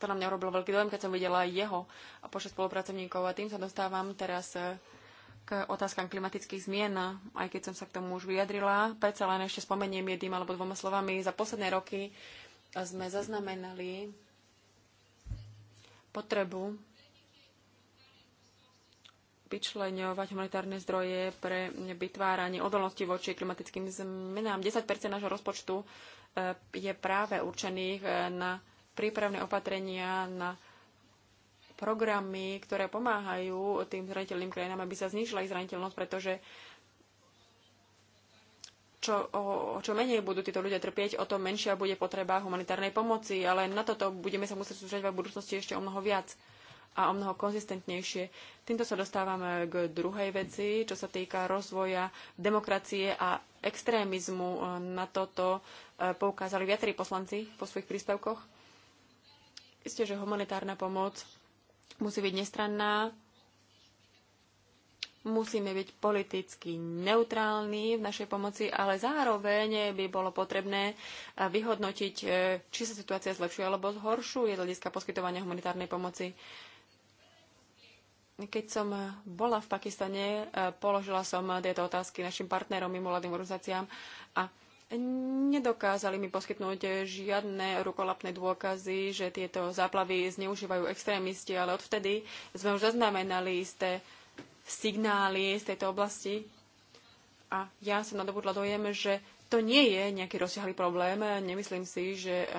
to na mňa urobilo veľký dojem, keď som videla jeho a počet spolupracovníkov. A tým sa dostávam teraz e, k otázkam klimatických zmien, aj keď som sa k tomu už vyjadrila. Predsa len ešte spomeniem jedným alebo dvoma slovami. Za posledné roky sme zaznamenali potrebu vyčleňovať humanitárne zdroje pre vytváranie odolnosti voči klimatickým zmenám. 10 nášho rozpočtu eh, je práve určených eh, na prípravné opatrenia, na programy, ktoré pomáhajú tým zraniteľným krajinám, aby sa znižila ich zraniteľnosť, pretože čo, o, čo menej budú títo ľudia trpieť, o to menšia bude potreba humanitárnej pomoci, ale na toto budeme sa musieť sústrediť v budúcnosti ešte o mnoho viac a o mnoho konzistentnejšie. Týmto sa dostávame k druhej veci, čo sa týka rozvoja demokracie a extrémizmu. Na toto e, poukázali viacerí poslanci po svojich príspevkoch. Isté, že humanitárna pomoc musí byť nestranná, musíme byť politicky neutrálni v našej pomoci, ale zároveň by bolo potrebné eh, vyhodnotiť, eh, či sa situácia zlepšuje alebo zhoršuje z hľadiska poskytovania humanitárnej pomoci. Keď som bola v Pakistane, eh, položila som tieto otázky našim partnerom i mladým organizáciám a nedokázali mi poskytnúť žiadne rukolapné dôkazy, že tieto záplavy zneužívajú extrémisti, ale odvtedy sme už zaznamenali isté signály z tejto oblasti. A ja som nadobudla dojem, že to nie je nejaký rozsiahly problém. Nemyslím si, že eh,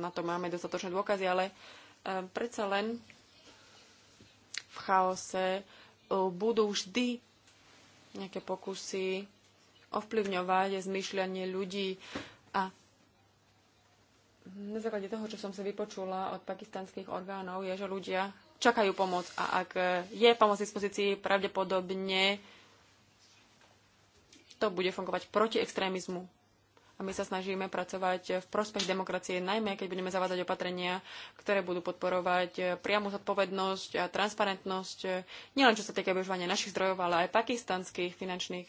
na to máme dostatočné dôkazy, ale eh, predsa len v chaose eh, budú vždy nejaké pokusy ovplyvňovať zmyšľanie ľudí. A na základe toho, čo som sa vypočula od pakistanských orgánov, je, že ľudia čakajú pomoc a ak e, je pomoc v dispozícii, pravdepodobne to bude fungovať proti extrémizmu. A my sa snažíme pracovať v prospech demokracie, najmä keď budeme zavádzať opatrenia, ktoré budú podporovať e, priamu zodpovednosť a transparentnosť, e, nielen čo sa týka využívania našich zdrojov, ale aj pakistanských finančných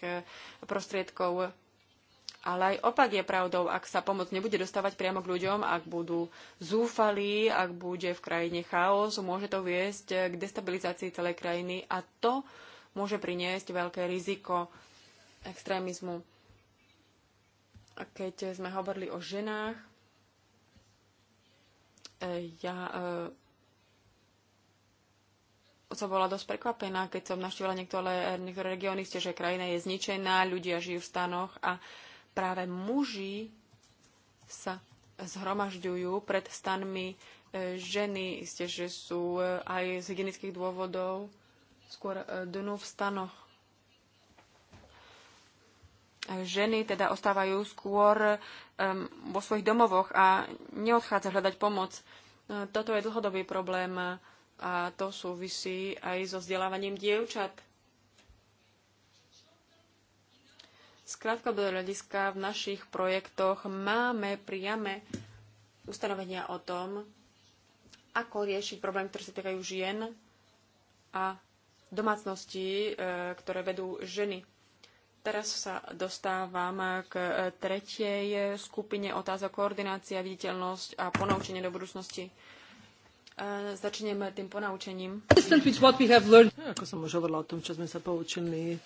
prostriedkov ale aj opak je pravdou, ak sa pomoc nebude dostávať priamo k ľuďom, ak budú zúfali, ak bude v krajine chaos, môže to viesť k destabilizácii celej krajiny a to môže priniesť veľké riziko extrémizmu. A keď sme hovorili o ženách, eh, ja eh, sa bola dosť prekvapená, keď som naštívala niektoré, eh, niektoré regióny, ste, že krajina je zničená, ľudia žijú v stanoch a práve muži sa zhromažďujú pred stanmi e, ženy. Isté, že sú e, aj z hygienických dôvodov skôr e, dnu v stanoch. Ženy teda ostávajú skôr um, vo svojich domovoch a neodchádza hľadať pomoc. Toto je dlhodobý problém a to súvisí aj so vzdelávaním dievčat Z krátkodobého hľadiska v našich projektoch máme priame ustanovenia o tom, ako riešiť problémy, ktoré sa týkajú žien a domácnosti, e, ktoré vedú ženy. Teraz sa dostávam k tretej skupine otázok koordinácia, viditeľnosť a ponaučenie do budúcnosti. E, Začneme tým ponaučením. Ako som už hovorila o tom, čo sme sa poučili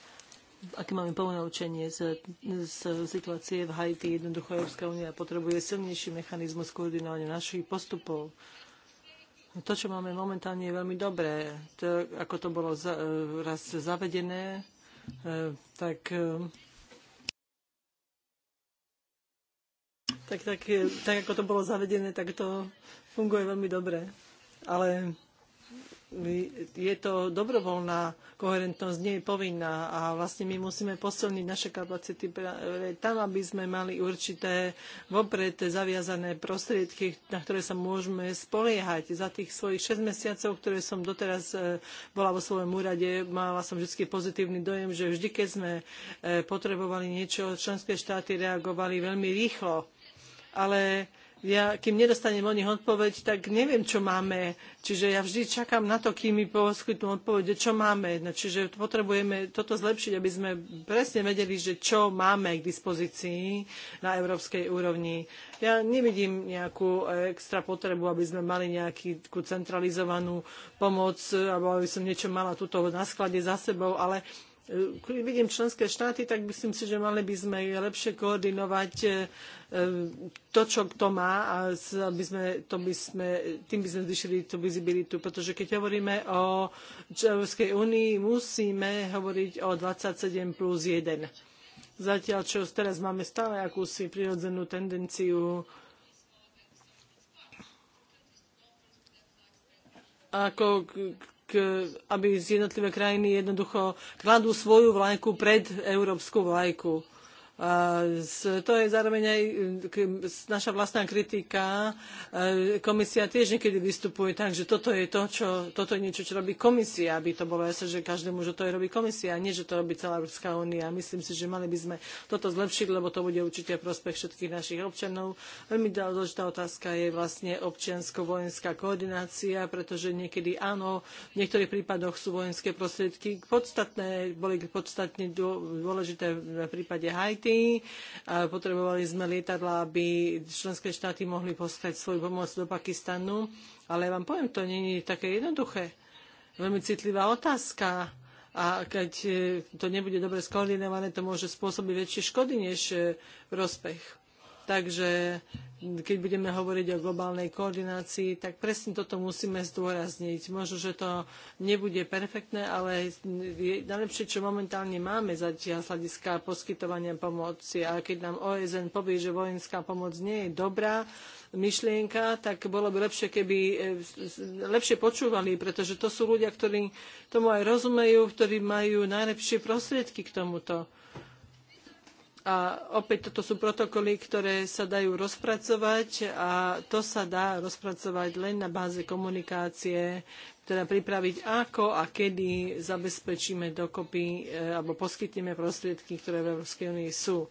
aké máme ponaučenie z, z situácie v Haiti. Jednoducho Európska únia potrebuje silnejší mechanizmus koordinovania našich postupov. No, to, čo máme momentálne, je veľmi dobré. To, ako to bolo za, e, raz zavedené, e, e, tak tak, tak, tak ako to bolo zavedené, tak to funguje veľmi dobre. Ale je to dobrovoľná koherentnosť, nie je povinná a vlastne my musíme posilniť naše kapacity tam, aby sme mali určité vopred zaviazané prostriedky, na ktoré sa môžeme spoliehať. Za tých svojich 6 mesiacov, ktoré som doteraz e, bola vo svojom úrade, mala som vždy pozitívny dojem, že vždy, keď sme e, potrebovali niečo, členské štáty reagovali veľmi rýchlo. Ale ja, kým nedostanem od nich odpoveď, tak neviem, čo máme. Čiže ja vždy čakám na to, kým mi poskytnú odpoveď, čo máme. No, čiže potrebujeme toto zlepšiť, aby sme presne vedeli, že čo máme k dispozícii na európskej úrovni. Ja nevidím nejakú extra potrebu, aby sme mali nejakú centralizovanú pomoc, alebo aby som niečo mala tuto na sklade za sebou, ale keď vidím členské štáty, tak myslím si, že mali by sme lepšie koordinovať e, e, to, čo kto má a by sme, to by sme, tým by sme zvyšili tú vizibilitu, pretože keď hovoríme o Európskej únii, musíme hovoriť o 27 plus 1. Zatiaľ, čo teraz máme stále akúsi prirodzenú tendenciu ako k aby z jednotlivé krajiny jednoducho kladú svoju vlajku pred európsku vlajku. To je zároveň aj e, naša vlastná kritika. E, komisia tiež niekedy vystupuje tak, že toto je, to, čo, toto je niečo, čo robí komisia, aby to bolo jasné, že každému, že to je robí komisia, a nie, že to robí celá Európska únia. Myslím si, že mali by sme toto zlepšiť, lebo to bude určite prospech všetkých našich občanov. Veľmi dôležitá otázka je vlastne občiansko-vojenská koordinácia, pretože niekedy áno, v niektorých prípadoch sú vojenské prostriedky podstatné, boli podstatne dôležité v prípade Haiti dôležitý. Potrebovali sme lietadla, aby členské štáty mohli poslať svoju pomoc do Pakistanu. Ale vám poviem, to nie je také jednoduché. Veľmi citlivá otázka. A keď e, to nebude dobre skoordinované, to môže spôsobiť väčšie škody než e, prospech. Takže keď budeme hovoriť o globálnej koordinácii, tak presne toto musíme zdôrazniť. Možno, že to nebude perfektné, ale je najlepšie, čo momentálne máme zatiaľ z hľadiska poskytovania pomoci. A keď nám OSN povie, že vojenská pomoc nie je dobrá myšlienka, tak bolo by lepšie, keby e, lepšie počúvali, pretože to sú ľudia, ktorí tomu aj rozumejú, ktorí majú najlepšie prostriedky k tomuto. A opäť toto sú protokoly, ktoré sa dajú rozpracovať a to sa dá rozpracovať len na báze komunikácie, teda pripraviť ako a kedy zabezpečíme dokopy e, alebo poskytneme prostriedky, ktoré v Európskej únii sú.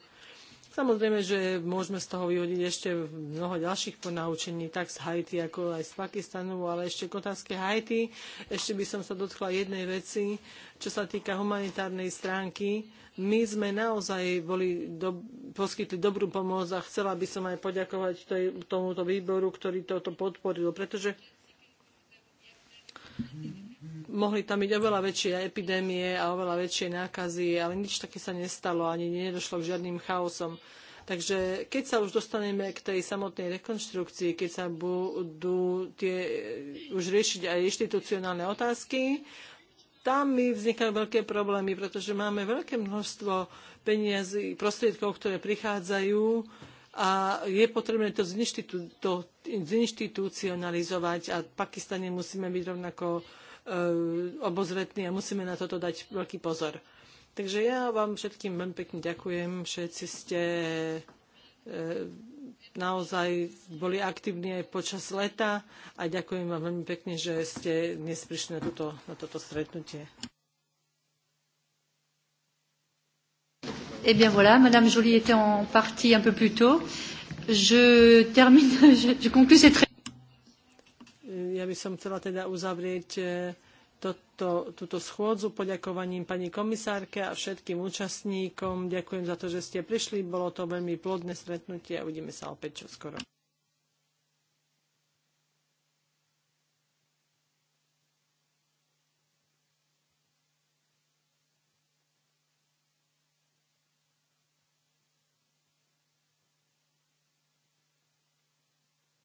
Samozrejme, že môžeme z toho vyhodiť ešte mnoho ďalších ponaučení, tak z Haiti, ako aj z Pakistanu, ale ešte k otázke Haiti. Ešte by som sa dotkla jednej veci, čo sa týka humanitárnej stránky. My sme naozaj boli do, poskytli dobrú pomoc a chcela by som aj poďakovať tej, tomuto výboru, ktorý toto podporil, pretože mohli tam byť oveľa väčšie epidémie a oveľa väčšie nákazy, ale nič také sa nestalo, ani nedošlo k žiadnym chaosom. Takže keď sa už dostaneme k tej samotnej rekonštrukcii, keď sa budú tie už riešiť aj inštitucionálne otázky, tam mi vznikajú veľké problémy, pretože máme veľké množstvo peniazy, prostriedkov, ktoré prichádzajú a je potrebné to, to zinštitucionalizovať a v Pakistane musíme byť rovnako Eh, obozretní a musíme na toto dať veľký pozor. Takže ja vám všetkým veľmi pekne ďakujem. Všetci ste eh, naozaj boli aktívni aj počas leta a ďakujem vám veľmi pekne, že ste dnes prišli na, túto, na toto stretnutie. Eh bien voilà, Madame Jolie était en partie un peu plus tôt. Je termine, je, je conclue cette réunion. E, ja by som chcela teda uzavrieť e, toto, túto schôdzu poďakovaním pani komisárke a všetkým účastníkom. Ďakujem za to, že ste prišli. Bolo to veľmi plodné stretnutie a uvidíme sa opäť čoskoro.